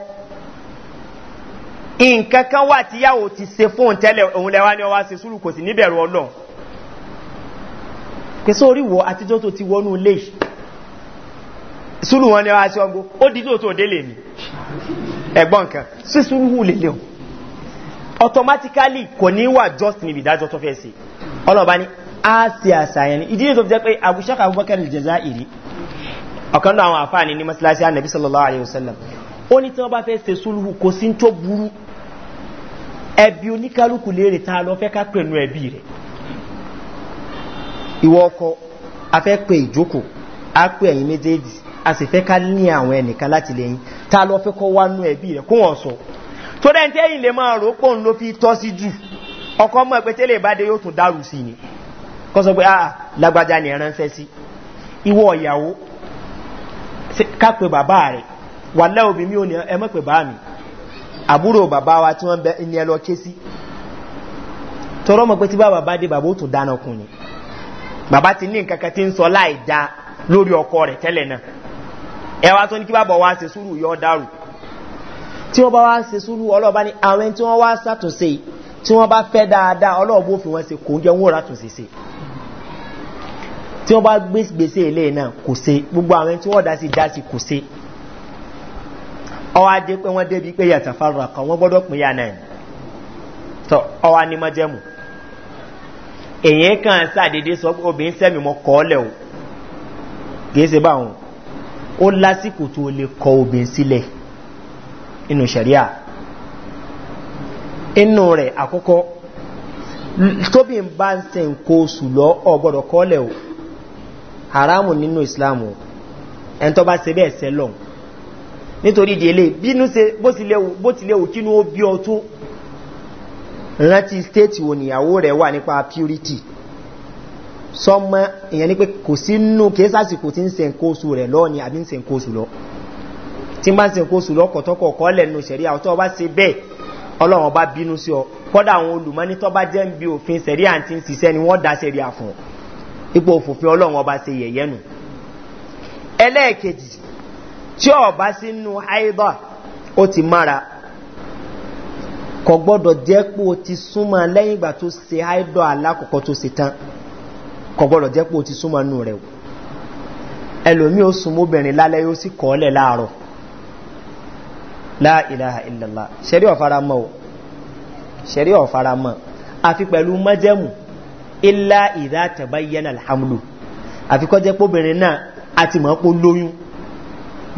Speaker 1: nǹkan kan wà tíyàwó ti se fóun tẹ́lẹ̀ òun lẹ́wà ní ọwá se súrù kò sí níbẹ̀rù ọlọ́run kẹsọ́ orí wọ àtijọ́ tó ti wọnú lè súrù wọn lẹ́wà sí ọgbó ó dídí òtò délé mi ẹ̀gbọ́n nǹkan sísun hù lélẹ̀ o automatically kò ní wà just níbi ìdájọ́ tó fẹ́ sí ọlọ́ọ̀bá ní a ṣe àṣàyàn ní ìdílé tó fi jẹ́ pé abúṣẹ́k abubakar jẹ́zá ìrí ọ̀kan náà àwọn àfáàní ní masalasi anabi sallallahu alayhi wa sallam ó a sì fẹ́ ká ní àwọn ẹnìkan láti lẹ́yìn ta lọ fẹ́ kọ́ wánú ẹbí rẹ̀ kó wọ́n tó dẹ́ tẹ́ yìí máa rò ń ló fi tọ́ sí jù ọkọ mọ̀ pé tẹ́lẹ̀ bá yóò tún dárù sí ni kọ́ sọ pé ah, ah lágbájá ni ẹran fẹ́ sí ìwọ ìyàwó bàbá rẹ̀ wà lẹ́ obì mi ò ní ẹ wa tí wọ́n ní ẹ tọrọ mọ̀ pé bàbá bá dé bàbá ó tún dáná kùn ni bàbá ti ní nǹkan ti ń sọ láì ẹwà tó ní kí bàbọ̀ wá ṣe sùúrù yọ dàrú tí wọ́n bá wá ṣe sùúrù ọlọ́ọ̀bá ní àwọn tí wọ́n wá ṣàtúnṣe tí wọ́n bá fẹ́ dáadáa ọlọ́ọ̀bó fi wọ́n ṣe kò ń jẹ́ wọ́n ràtúnṣe ṣe tí wọ́n bá gbé gbèsè ilé náà kò ṣe gbogbo àwọn tí wọ́n dá sí dá sí kò ṣe ọwọ́ adé pé wọ́n débi pé yàtọ̀ fara kan wọ́n gbọ́dọ̀ pín yà náà tọ́ ọwọ́ ó lásìkò tó lè kọ obìnrin sílẹ̀ inú sẹ̀ríà inú rẹ̀ àkọ́kọ́ tóbi ń bá ń se nǹkan oṣù lọ ọ̀gbọ́dọ̀ kọ́lẹ̀ o haramu nínú islam o ẹni tó bá se bẹ́ẹ̀ sẹ́ lọ nítorí Kinu o bínú se bó ti léwu kínú ó bí ọ rántí stéètì rẹ̀ wà nípa purity. sọmọ èyàn ní pé kò sí nù kí sásìkò tí ń se nkóòsù rẹ̀ lọ ni àbí ń se nkóòsù lọ tí ń bá ń se nkóòsù lọ kọ̀tọ́kọ̀ kọ́ lẹ́nu sẹ̀rí àwọn ọba se bẹ́ẹ̀ ọlọ́run ọba bínú sí ọ kọ́dà àwọn olùmọ́ni bá jẹ́ ń bi òfin sẹ̀rí àti ń ṣiṣẹ́ ni wọ́n da sẹ̀rí àfọ̀n ipò òfòfin ọlọ́run ọba se yẹ̀yẹ́ nù ẹlẹ́ẹ̀kejì tí ọba sínú haidọ̀ ó ti mára kọ gbọ́dọ̀ jẹ́ pé o ti súnmọ́ lẹ́yìn ìgbà tó se haidọ̀ alákọ̀ọ́kọ́ tó se tán kọ̀gbọ́dọ̀ jẹ́ pé o ti súnmọ́ nù rẹ̀ wò ẹlòmí ó sùn mọ́bìnrin lálẹ́ yóò sì kọ́ọ́lẹ̀ láàárọ̀ láìláha ìlàlá ṣẹ̀rí ọ̀faramọ́ o ṣẹ̀rí ọ̀faramọ́ àfi pẹ̀lú mọ́jẹ́mù ilá alhamdu àfi kọ́ jẹ́ pọ́bìnrin náà àti mọ́ pọ́ lóyún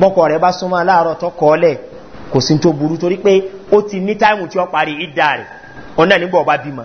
Speaker 1: bọ́kọ̀ rẹ̀ bá súnmọ́ láàárọ̀ tó kọ́ọ́lẹ̀ kò sí tó burú torí pé ó ti ní táìmù tí ó parí ìdá rẹ̀ ọ̀nà nígbà ọba bímọ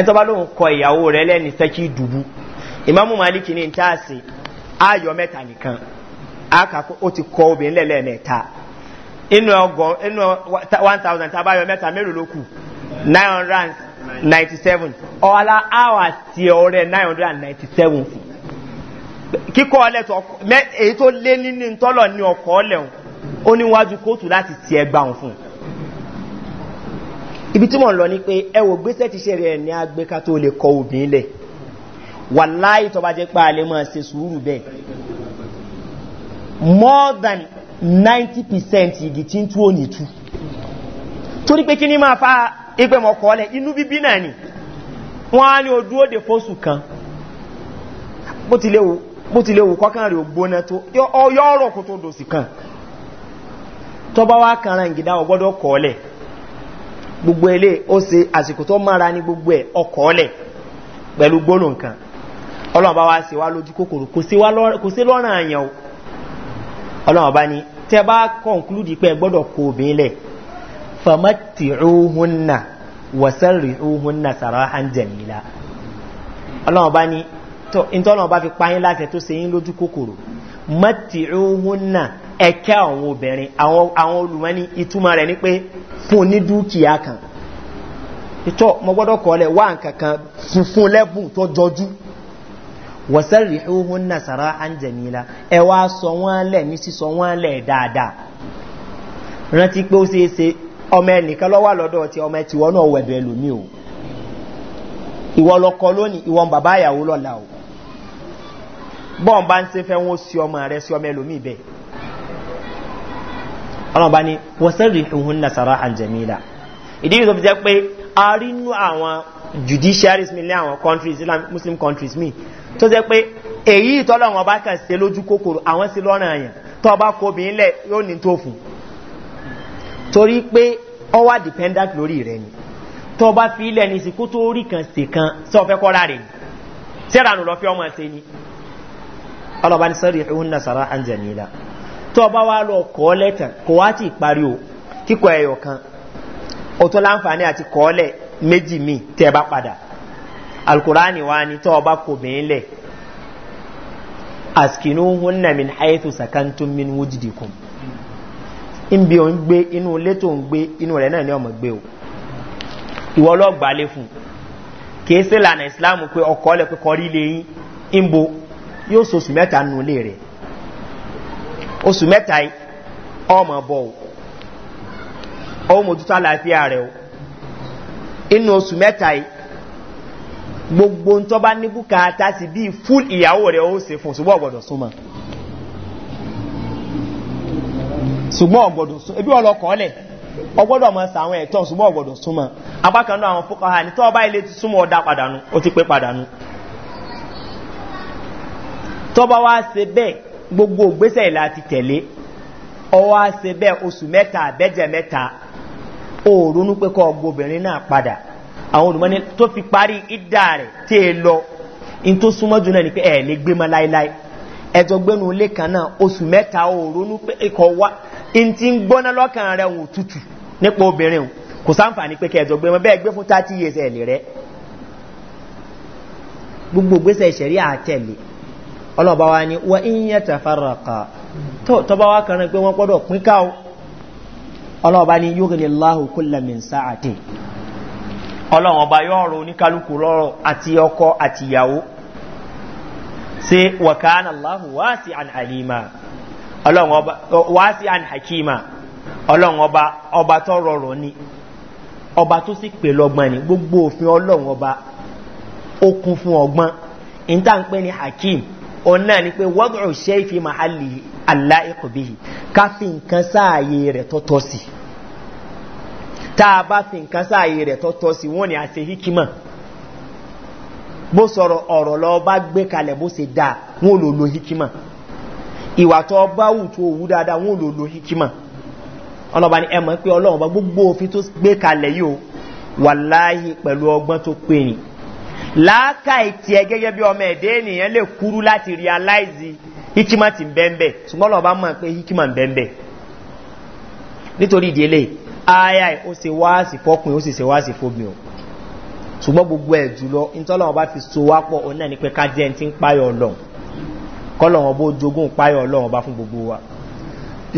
Speaker 1: ẹ̀tọ́ bá lóun kọ ìyàwó rẹ̀ lẹ́ni sẹ́kì dùbú ìmáàmù malik ní ntaasi ayọ̀ mẹ́ta nìkan akakọ ó ti kọ obìnrin lẹ́lẹ́mẹ́ta inú ọgọ inú one thousand tá a bá yọ mẹ́ta mélòó ló kù nine hundred and ninety seven ọ̀la hours tiẹ̀ ọ̀rẹ́ nine hundred and ninety seven sí kíkọ́ ọlẹ́tọ̀ èyí tó lé nínú ntọ́lọ̀ ní ọkọ̀ ọlẹ́hùn ó níwájú kóòtù láti tiẹ̀ gbà wọn fún un ibi tí mò ń lọ ni pé ẹ wò gbèsè ti ṣe rẹ̀ ní agbéka tó lè kọ obìnrin lẹ̀ wà láì tọ́ba jẹ́ pé a lè ṣe sùúrù bẹ́ẹ̀ more than ninety percent igi tí ń tú òní tú torí pé kí ni máa fa ẹgbẹ́ mọ̀kọ́ lẹ̀ inú bíbí náà ni wọ́n á ní ojú òde fóṣù kan bó ti léwu bó ti léwu kọ́kàn rẹ̀ ògbóná tó yọ ọ̀rọ̀ kó tó dòsì kan tọ́ba wa kan ra ìgídá ọgbọ́dọ̀ kọ́ lẹ̀ gbogbo ilé ó se àsìkò tó mára ní gbogbo ẹ̀ ọkọ̀ ọ̀lẹ̀ pẹ̀lú gbónú nǹkan ọlọ́run wá sí wá lójú kòkòrò kò sí lọ́rùn àyàn o ọlọ́run tẹ bá kọ̀ǹkúlùdì pé gbọ́dọ̀ kó obìnrin lẹ̀ famatiruhunna ẹ̀kẹ́ àwọn obìnrin àwọn olùmọ́ni ìtumọ̀ rẹ̀ ní pé fún ní dúkìá kan ìtọ́ mọ́gbọ́dọ̀ kọlẹ̀ wà nkankan fún lẹ́bùn tó jọjú wọ̀sẹ́rì ihun nasara anjẹ̀míla ẹ wá sọ wọ́n lẹ̀ ní sísọ wọ́n lẹ̀ dáadáa rántí pé ó ṣeé ṣe ọmọ ẹnìkan lọ́wọ́ lọ́dọ̀ ti ọmọ ẹtì wọn náà wẹ̀bẹ̀ lómi o ìwọ lọkọ lónìí ìwọ bàbá ìyàwó lọ́la o bọ́ọ̀ bá ń ṣe fẹ́ wọn ó sí ọmọ rẹ sí ọmọ ẹlòmíì bẹ́ẹ̀ ọlọ́ọ̀bá ni wọ́sẹ̀rì ìhun na sara aljamila ìdí yìí tó fi jẹ́ pé a rí nú àwọn judiciaries mi lé àwọn countries islam muslim countries mi tó jẹ́ pé èyí tọ́lọ̀ wọn bá kàn ṣe lójú kòkòrò àwọn sí lọ́rùn àyàn tó ọba kó obìnrin lẹ̀ yóò ní tó fún torí pé ọ wá dependent lórí rẹ ni tó ọba fi ilẹ̀ ní ìsìnkú tó rí kan ṣe kan sí ọ̀fẹ́ kọ́ra rẹ̀ ni sẹ́ranù lọ́fẹ́ ọmọ ṣe ni ọlọ́ba ní sọ́rí ìhun na sara aljamila. tó bá wá lọ kọ́ lẹ́tàn kò wá ti parí o kíkọ ẹ̀yọ̀ kan o láǹfààní àti kọ́ọ̀lẹ̀ méjì míì tẹ́ bá padà alukurani wa ni tó bá kò bẹ́ẹ̀ lẹ̀ askinu hunna min haithu min in bi gbe inu ilé tó ń gbé inú náà ni ọmọ gbe o ìwọ lọ sí lànà ìsìláàmù pé ọkọ̀ oṣù mẹ́ta yìí ọmọ bọ̀ o ó mójútó àlàáfíà rẹ o inú oṣù mẹ́ta yìí gbogbo ntọba bá ní bùkátà sí bíi fúl ìyàwó rẹ ó fún ṣùgbọ́n súnmọ́ ṣùgbọ́n súnmọ́ ebi ọlọ́kọ̀ lẹ̀ ọgbọ́dọ̀ mọ̀ sí ẹ̀tọ́ ṣùgbọ́n ọ̀gbọ̀dọ̀ súnmọ́ apákan àwọn fúkọ̀ ní tọ́ ilé ti súnmọ́ ó gbogbo gbésẹ̀ láti tẹ̀lé ọwọ́ àṣẹ bẹ́ẹ̀ oṣù mẹ́ta àbẹ́jẹ̀ mẹ́ta òòrùn pé kọ́ ọgbọ́bìnrin náà padà àwọn olùmọ́ni tó fi parí ìdá rẹ̀ tí è lọ in tó súnmọ́ jù náà ni pé ẹ̀ lè gbé mọ́ láíláí ẹjọ́ gbẹ́nu ilé kan náà oṣù mẹ́ta òòrùn pé ikọ̀ wá in ti ń gbọ́ná lọ́kàn rẹ̀ wò tútù nípa ọlọ́ọ̀bá wa ni wọ́n ìyẹn tàfàràkà tọ́bá wá kan rẹ̀ pé wọ́n pọ́dọ̀ pín ká o ọlọ́ọ̀bá ni yóò gẹ̀lẹ̀ láhùn kúlẹ̀ mi sáàtì ọlọ́ọ̀bá yóò rọ oníkálukú lọ́rọ̀ àti ọkọ àti ìyàwó ṣe wàkánà láhùn wá sí àn àlìmà wá sí àn hakima ọlọ́ọ̀bá ọba tó rọrùn ni ọba tó sì ń pè ní hakim òun náà ni pé wọ́dùrù ṣe fi mahali aláìkọ̀bíyì ká fi nǹkan sáàyè rẹ̀ tọ́tọ́ sí fi nǹkan sáàyè rẹ̀ tọ́tọ́ wọ́n ni a ṣe hikima bó sọ̀rọ̀ ọ̀rọ̀ lọ bá gbé kalẹ̀ bó ṣe dáa wọ́n lò lo hikima ìwà bá wù tó wù dáadáa wọ́n lò hikima ọlọ́ba ni pé ọlọ́run bá gbogbo òfin tó gbé kalẹ̀ yìí làákàyè tiẹ̀ gẹ́gẹ́ bí ọmọ ẹ̀dẹ́ ènìyàn lè kúrú láti realize hikima ti bẹ́ẹ̀nbẹ́ ṣùgbọ́n lọ́ba mọ̀ pé hikima bẹ́ẹ̀nbẹ́ nítorí ìdílé aya ó ṣe wáàsì fọ́pin ó sì ṣe wáàsì fóbin o ṣùgbọ́n gbogbo ẹ̀ jùlọ nítorí ọba fi so wá pọ̀ òun náà ni pé ká jẹ́ ẹni tí ń páyọ̀ ọlọ́run kọ́lọ́run ọba jogún páyọ̀ ọlọ́run ọba fún gbogbo wa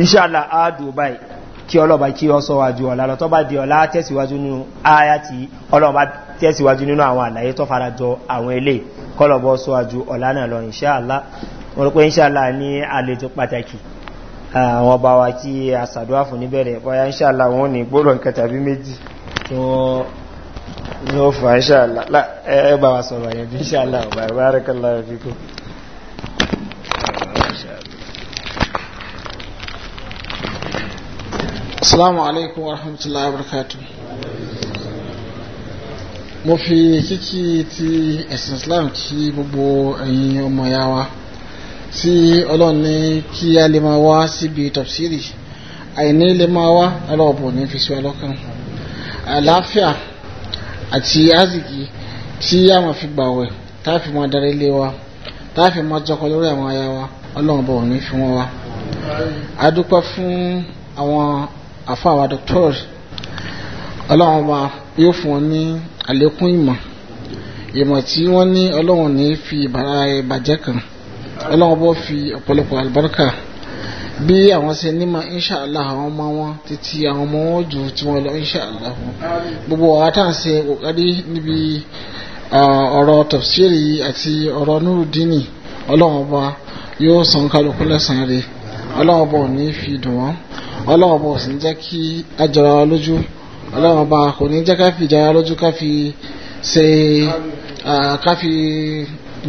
Speaker 1: inṣàlá àádùn báyìí kí ọlọ́ba kí ọ sọ wájú ọ̀la lọ tọ́ bá di ọ̀la tẹ̀síwájú nínú àyà tí ọlọ́ba tẹ̀síwájú nínú àwọn àlàyé tó fara jọ àwọn ilé kọlọ̀bọ sọ wájú ọ̀la náà lọ ìṣáàlá wọn rò pé ìṣáàlá ní àlejò pàtàkì àwọn ọba wa kí àṣàdúrà fún
Speaker 3: Assalamu alaikum wa rahmatullahi wa barakatuh. Mo fi kíkí ti ẹ̀sìn Islam kí gbogbo ẹ̀yin ọmọ ya wa tí Ọlọ́run ní kí a lè máa wá síbi tafsiri. Àìní lè máa wá ọlọ́ọ̀bù ní fi sí wa lọ́kàn. Àlàáfíà àti àzìkí tí a máa fi gbàwẹ̀ tá a fi máa darí ilé wa tá a fi máa jọkọ lórí àwọn aya wa Ọlọ́run bọ̀ ní fi wọ́n wa. A dúpẹ́ fún àwọn àfáàwà dr ọlọ́run ọba yóò fún ọ ní àlékún ìmọ̀ ìmọ̀ tí wọ́n ní ọlọ́run ní fi ìbàjẹ́ kan ọlọ́run bó fi ọ̀pọ̀lọpọ̀ àlùbáríkà bí àwọn ṣe nímọ̀ inṣàlá àwọn ọmọ wọn títí àwọn ọmọ wọn jù tí wọ́n lọ inṣàlá wọn gbogbo ọ̀rá tá à ń ṣe kòkárí níbi ọ̀rọ̀ tafsiri àti ọ̀rọ̀ nurudini ọlọ́run ọba yóò san kálukú lẹ́sàn-án rẹ̀ ọlọ́run ọba ní fi dùn wọ́n ọlọ́run bò sì ń jẹ́ kí a jọra wa lójú ọlọ́run kò ní jẹ́ ká fi jọra lójú ká fi ṣe ká fi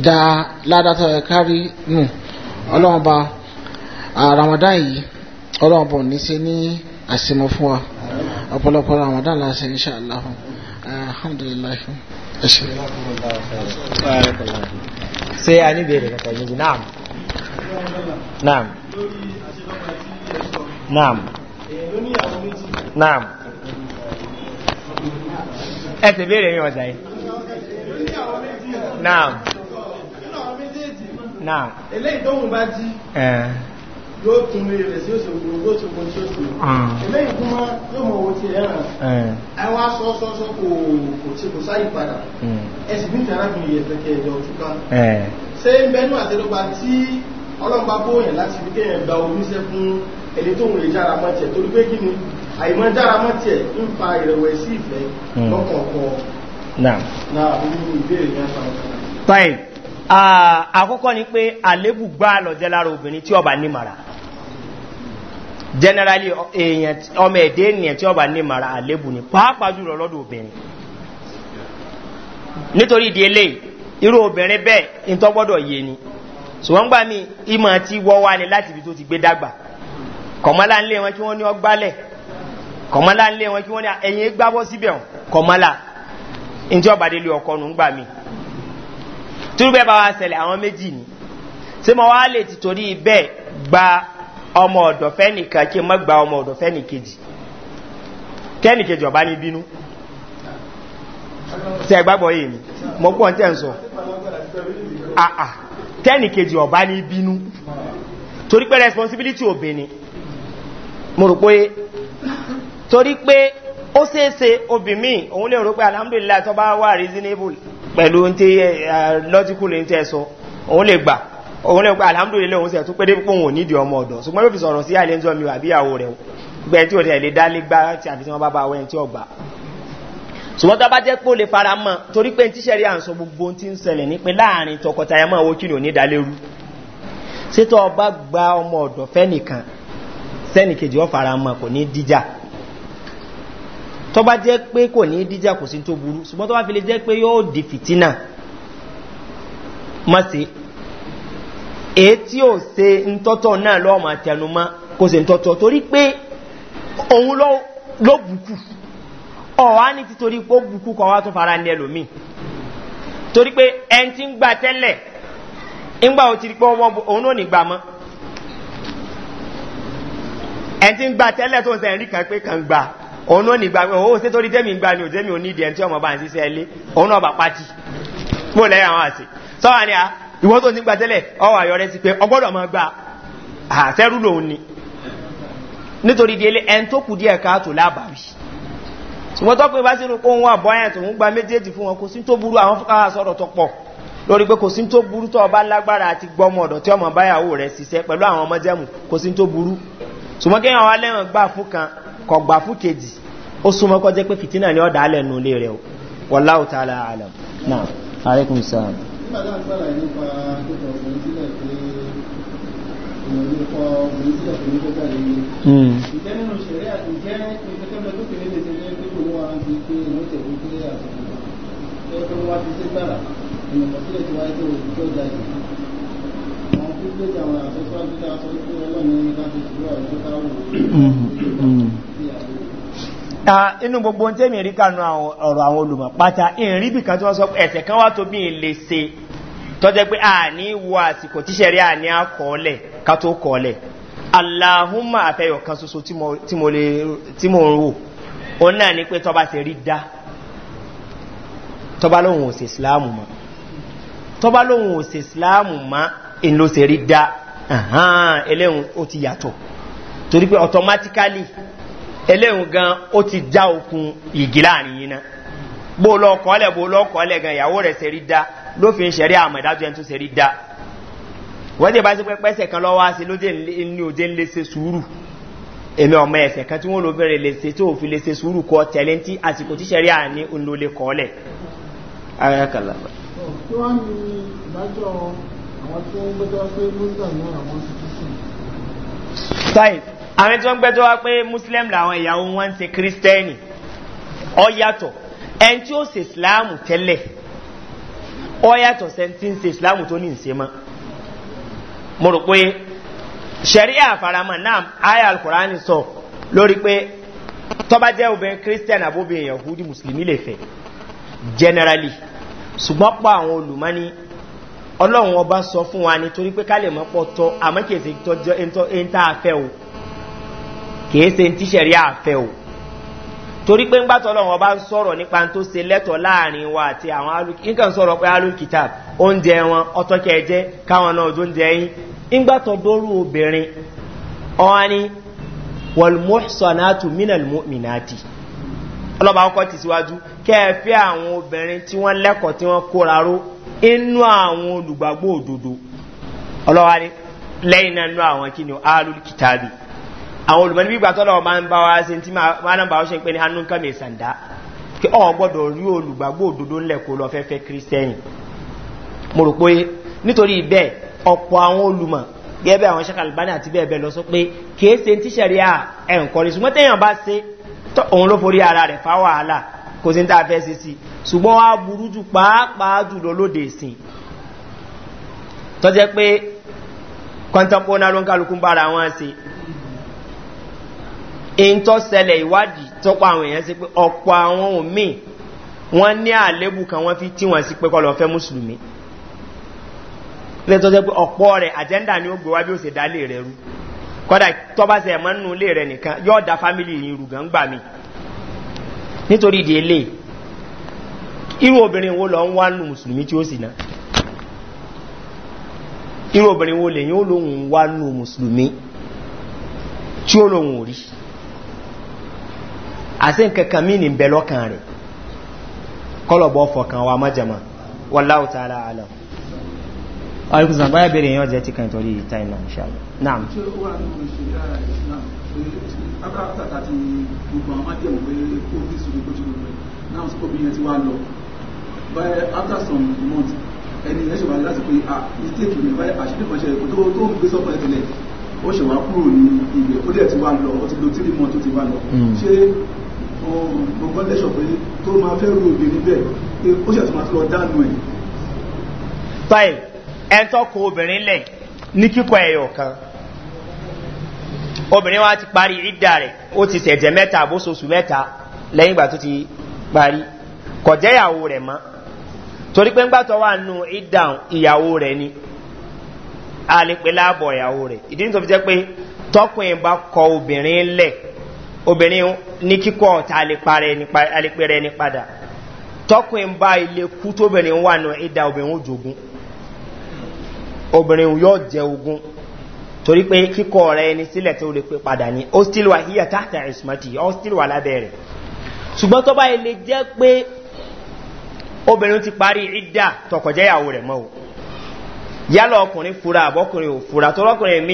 Speaker 3: da ládàtọ̀ kárí nù ọlọ́run bá Ramadan yìí ọlọ́run ní ṣe ní àṣemọ fún wa ọ̀pọ̀lọpọ̀ Ramadan
Speaker 1: naam naam ẹ ti béèrè mi ọ̀sán yìí naam naam eléyìí tó bá jí yóò tún lè rẹ̀ sí òṣèlú yóò tún kò tí ó tún mm. eléyìí kún yóò mọ̀ owó ti ẹ̀ràn
Speaker 2: ẹwà sọ́sọ́sọ́ kò tí kò sáyì padà mm. ẹ̀sìn ní ìtàrábìnrin yẹ̀ fẹ́kẹ́ òtúká ń àtẹ́lọ́gbà tí ọlọ́gbà bóyẹ̀ láti fi ẹni tó ń lè jára mọ́ tiẹ̀ torí pé kí ni àìmọ́ jára mọ́ tiẹ̀ ń fa ìrẹ̀wẹ̀sí ìfẹ́ hmm. lọ́kọ̀ọ̀kọ̀ náà nínú ìbéèrè ní àṣà
Speaker 1: àkọ́kọ́ ni pé generally ọmọ ẹ̀dẹ́ ènìyàn tí ọba ní mara àlébù ni pàápàá jùlọ lọ́dọ̀ obìnrin nítorí ìdí eléyìí irú obìnrin bẹ́ẹ̀ ìtọ́gbọ́dọ̀ yé ni ṣùgbọ́n gbà mí ìmọ̀ tí wọ́ wá ni láti ibi tó ti gbé dàgbà kọ̀mọ́lá ńlé wọn kí wọ́n ní ọgbálẹ̀ kọ̀mọ́lá ńlé wọn kí wọ́n ní ẹ̀yìn gbábọ́ síbẹ̀ wọn kọ̀mọ́lá ntí ọba délé ọkọ nù ń gbà mí tírú bẹ́ẹ̀ bá wa sẹlẹ̀ àwọn méjì ni ṣé mo wá lè ti torí bẹ́ẹ̀ gba ọmọ ọ̀dọ̀ fẹ́nìkan kí n gba ọmọ ọ̀dọ̀ fẹ́nìkejì kẹ́nìkejì ọba ní bínú tẹ ẹ gbàgbọ́ yìí ni mo pọ̀ ń tẹ̀ ń sọ kẹ́nìkejì ọba ní bínú torí pé responsibility obìnrin mo rò pé torí pé ó ṣeéṣe obìnrin òun lè rò pé alhamdulilayi tó bá wà reasonable pẹ̀lú tí eh, logical ní tẹ́ sọ òun lè gbà òun lè gbà alhamdulilayi òun sì ẹ̀tún pédé púpọ̀ òun nídìí ọmọ ọ̀dọ̀ ṣùgbọ́n yóò fi sọ̀rọ̀ sí àlejò mi àbí ìyàwó rẹ̀ gbẹ tí òde fara mọ́ torí pé tíṣẹ́ rí à ń sọ gbogbo ohun tí ń ni ò ní dálérú ṣé tó kejì ọ̀fara mọ̀ kò ní díjà tó bá jẹ́ pé kò ní díjà kò sí tó burú ṣùgbọ́n tó bá fi lè jẹ́ pé yóò di fìtínà má se èé tí ó se ntọ́tọ̀ náà lọ́wọ́ àti tẹnumọ́ kò se ntọ́tọ̀ torí pé òun ló bùkù ní pé ó bùkù kọ́ wá tó fara ní torí pé ẹni tí ń gbà tẹ́lẹ̀ ń gbà ó ti rí pé òun ẹn tí ń gba tẹ́lẹ̀ tó ń sẹ́ rí kan pé kan gba òun náà nígbà pé owó oh, ṣé torí tẹ́mi gba ni ò tẹ́mi ò ní ìdí ẹni tí ọmọ bá ń ṣiṣẹ́ ilé òun náà pàtì kúrò lẹ́yìn àwọn àṣẹ sọ́wọ́n ni ah, ìwọ́n tó ti gba tẹ́lẹ̀ ọwọ́ àyọrẹ́ sí pé ọgbọ́dọ̀ máa gba àtẹ́rù lòun ni nítorí di ilé ẹn tó kù díẹ̀ káàtó lábàáwí ṣùgbọ́n tó pé bá sínú kó wọn àbọ̀ ẹ̀yàn tó ń gba méjèèjì fún wọn kò sí tó burú àwọn fúkàwà sọ̀rọ̀ tó pọ̀ lórí pé kò sí tó burú tó ọba lágbára àti gbọmọ ọ̀dọ̀ tí ọmọ báyàwó rẹ̀ ṣiṣẹ́ pẹ̀lú àwọn ọmọ jẹ́mù kò sí tó burú ṣùgbọ́n kéèyàn wá lẹ́wọ̀n gbà fún kan kọ̀ gbà fún kejì ó súnmọ́ kọ́ jẹ́ pé fìtínà ni ọ̀dà alẹ́ nulẹ̀ rẹ̀ o wọ́lá ò tààlà náà
Speaker 3: àríkùn sáà.
Speaker 2: Mm.
Speaker 1: Mm-hmm. Ah, inú gbogbo tí èmì rí kànú ọ̀rọ̀ àwọn olùmọ̀ pátá ìrìn bí kan tí wọ́n sọ ẹ̀sẹ̀ kan wá tó bí i lè se tọ́jẹ́ pé a ní wọ àsìkò tíṣẹ́ rí a ní àkọọ́lẹ̀ ká tó kọọ́lẹ̀ aláhùnmá àfẹ́yọ̀ kan soso tí mo rò ó náà ní pé tọ́ba ti rí dá in ló ṣe rí dá ẹlẹ́hun ó ti yàtọ̀ torí pé automatically ẹlẹ́hun gan ó ti já okun ìgì láàrin yìí ná bó lọ kọ́lẹ̀ bó lọ kọ́lẹ̀ gan ìyàwó rẹ̀ ṣe rí dá lófin ṣẹ̀rí àmọ̀dájú ẹni tó ṣe rí dá wọ́n ti bá sí pé pẹ́sẹ̀ kan lọ́wọ́ á sí lóde ní òde ń lé ṣe sùúrù èmi ọmọ ẹ̀sẹ̀ kan tí wọ́n lò bẹ̀rẹ̀ lè ṣe tí ò fi lè ṣe sùúrù kọ tẹ̀lé tí àsìkò tí ṣẹ̀rí àní ń lò lè kọ́lẹ̀. ayakala. ọ̀pọ̀
Speaker 3: wá ní
Speaker 2: ìdájọ́ àwọn tí wọ́n gbẹ́jọ́ pé muslim ní àwọn institution.
Speaker 1: táyì àwọn tí wọ́n gbẹ́jọ́ pé muslim làwọn ìyàwó wọn ń ṣe kírísítẹ́nì ọ yàtọ̀ ẹni tí ó ṣe islam tẹ́lẹ̀ ọ yàtọ̀ sẹ́ni tí ń ṣe islam tó ní ìṣe mọ́ mo rò pé sẹ̀ríà faramọ̀ náà ayé alukur'ani sọ lórí pé tọ́ba jẹ́ obìnrin christian àbóbìnrin yahudi mùsùlùmí lè fẹ́ generally ṣùgbọ́n pa àwọn olùmọ́ni ọlọ́run ọba sọ fún wa ni torí pé ká lè mọ́pọ̀ tọ́ àmọ́ kìí ṣe tọ́jọ́ ẹ̀ńtà àfẹ́ o kìí ṣe tíṣẹ̀rí àfẹ́ o torí pé ńgbà tó ọlọ́run ọba ń sọ̀rọ̀ nípa tó ṣe lẹ́tọ̀ láàrin wa àti àwọn alùpùpù nǹkan sọ̀rọ̀ pé alùpùpù oúnjẹ wọn ọtọ́kẹ́ ẹ̀jẹ̀ káwọn náà tó ń jẹ yín ńgbà tó dórú obìnrin ọ̀hán ni wọlmọ́sánátù mínàlmọ́mìnàtì ọlọ́ba ọkọ̀ tẹ̀síwájú kẹ́ẹ̀fẹ́ àwọn obìnrin tí wọ́n lẹ́kọ̀ọ́ tí wọ́n kóraró inú àwọn olùgbàgbọ́ òdodo ọlọ́wárí lẹ́yìn náà inú àwọn kí ni alùkítàbí àwọn olùmọ̀ní bí gbàtọ́lọ̀ ma ń bá wá sí tí máa ń bá wá ṣe ń pè ní hannun kàmì sàndá kí ọ gbọ́dọ̀ rí olùgbàgbọ́ òdodo ńlẹ̀ kó lọ fẹ́fẹ́ kírísítẹ́yìn mo rò pé nítorí bẹ́ẹ̀ ọ̀pọ̀ àwọn olùmọ̀ kò sí ní tá a fẹ́ ṣe sí ṣùgbọ́n wá burú jù pàápàá jùlọ lóde ìsìn tọ́jẹ́ pé kọ́ńtàpọ́nà ló ń kálukú bára wọn ṣe èyí tó ṣẹlẹ̀ ìwádìí tọ́pọ̀ àwọn èèyàn sí pé ọ̀pọ̀ àwọn òmí wọ́n ní àlébù kan wọ́n fi tí wọ́n sí pé kọlọ̀ fẹ́ mùsùlùmí lẹ́tọ́ jẹ́ pé ọ̀pọ̀ rẹ̀ àjẹ́ndà ni ó gbé wá sì dá rẹ̀ rú kọ́dà tọ́bàṣẹ̀ mọ́nú lè rẹ̀ nìkan yóò da fámìlì yìí rù gbà mí nítorí ìdí ilé irú obìnrin wo lọ ń wá nù mùsùlùmí tí ó sì ná irú obìnrin wo lè yíó lóhun wá nù mùsùlùmí tí ó lóhun orí àti nkankan mí ní bẹ̀lọ́kàn rẹ̀ kọlọ̀bọ̀ fọ̀kan wa májàmá wà láwùta ara
Speaker 2: after tàti gbogbo àwọn májẹ̀mú pé ó ti sùn gbogbo ṣùgbọ́n rẹ̀ náà sọ pé obìnrin ti wá lọ by after some months ẹni ẹ̀ ṣe wà láti pé ah mistake mi by àṣírí kan ṣe tó tó ń gbé sọ́kàn ẹ̀tẹ̀lẹ̀ ó ṣe wá kúrò ní ibẹ̀ ó dẹ̀ ti wá lọ ó ti lo three months ó ti wá lọ hmm. ṣé gbogbo
Speaker 1: lẹ́sọ̀ pé tó máa fẹ́ ru obìnrin bẹ́ẹ̀ pé ó ṣẹ̀ tó máa lọ dánú ẹ̀. báyìí ẹ tọ́kọ obìnrin lẹ̀ ní kíkọ ẹ̀yọ̀ kan obìnrin wa ti parí ìdá rẹ̀ ó ti sẹ̀jẹ̀ mẹ́ta àbóṣoṣù mẹ́ta lẹ́yìn ìgbà tó ti parí kò jẹ́ ìyàwó rẹ̀ mọ́ torí pé ńgbà tó wà nù ìdá ìyàwó rẹ̀ ni a lè pè láàbọ̀ ìyàwó rẹ̀ ìdí nítorí fi jẹ́ pé kọ obìnrin lẹ̀ obìnrin ní kíkọ́ ọ̀tá alẹ́pẹ̀ rẹ̀ ní padà tọkùnrin bá ilé kú tóbìnrin wà nù ìdá obìnrin ó obìnrin ogun. torí pé kíkọ́ rẹ ẹni sílẹ̀ tó lè pé padà ní hostel wa híyà táàtà ìsùmọ́tì hostel wa lábẹ́rẹ̀ ṣùgbọ́n tó bá ilé jẹ́ pé obìnrin ti parí ìdá tọkọ̀jẹ́yàwó rẹ̀ mọ́ o yálà ọkùnrin fura àbọ́kùnrin ò fura tó rọ́kùnrin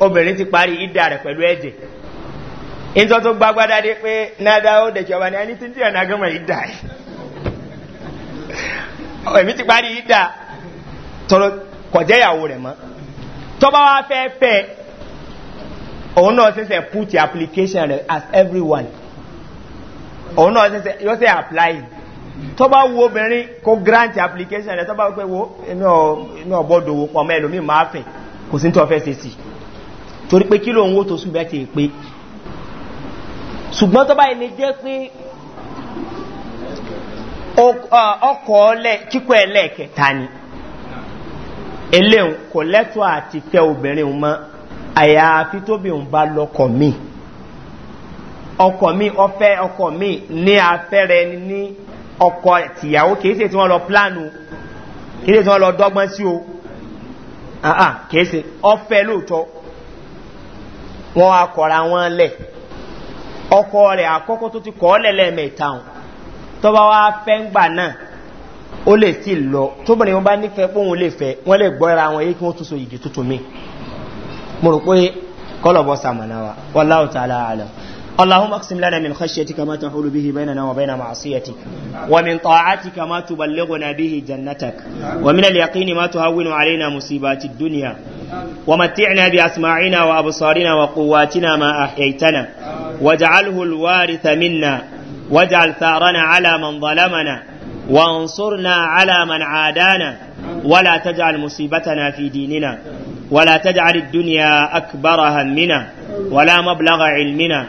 Speaker 1: obìnrin ti parí ìdá rẹ̀ pẹ̀lú ẹ̀jẹ̀ ìjọ tó gbagbádá dé pé nádá ó dẹ̀jọ wà ní ẹni tí ń díẹ̀ náà gánmọ̀ ìdá ẹ̀ èmi ti parí ìdá tọrọ kọjẹ́yàwó rẹ̀ mọ́ tọ́ba wa fẹ́ fẹ́ òun náà ṣẹ̀ṣẹ̀ put application rẹ̀ as everyone òun náà ṣẹ̀ṣẹ̀ yóò ṣe apply tó bá wo obìnrin kó grant application rẹ̀ tó bá wípé wo inú ọ̀bọ̀dọ̀ pọ̀ mẹ́lòmí máa fìn kò sí tó fẹ́ ṣe torí pé kí ló ń wó tó ṣùgbọ́n ti pé ṣùgbọ́n tó báyìí lè jẹ́ pé ọkọ̀ kíkọ́ ẹlẹ́ẹ̀kẹta ni eléhùn kò lẹ́tọ̀ àti fẹ́ obìnrin mọ́ àyàfi tóbi ń bá lọ́kọ̀ mi ọkọ̀ mi ọfẹ́ ọkọ̀ mi ní afẹ́rẹ́ ní ọkọ̀ tìyàwó kìí ṣe tí wọ́n lọ pláànù kìí tí wọ́n lọ dọ́gbọ́n sí o ọfẹ́ lóòótọ́ wọn wá kọ̀ra wọn lẹ̀ ọkọ rẹ̀ àkọ́kọ́ tó ti kọ́ ọ́ lẹ̀lẹ́ mẹ́ta hàn tọ́ba wa fẹ́ ń gbà náà ó lè sí lọ tóbìnrin wọn bá nífẹ̀ẹ́ pé òun lè fẹ́ wọ́n lè gbọ́ ara wọn yé kí wọ́n tún so ìdí tuntun mi mo rò pé kọ́lọ̀bọ sàmọ̀nà wa wọ́n láwùjọ àlàálẹ̀. اللهم اقسم لنا من خشيتك ما تحول به بيننا وبين معصيتك ومن طاعتك ما تبلغنا به جنتك ومن اليقين ما تهون علينا مصيبات الدنيا ومتعنا بأسماعنا وأبصارنا وقواتنا ما أحييتنا واجعله الوارث منا واجعل ثارنا على من ظلمنا وانصرنا على من عادانا ولا تجعل مصيبتنا في ديننا ولا تجعل الدنيا أكبر همنا ولا مبلغ علمنا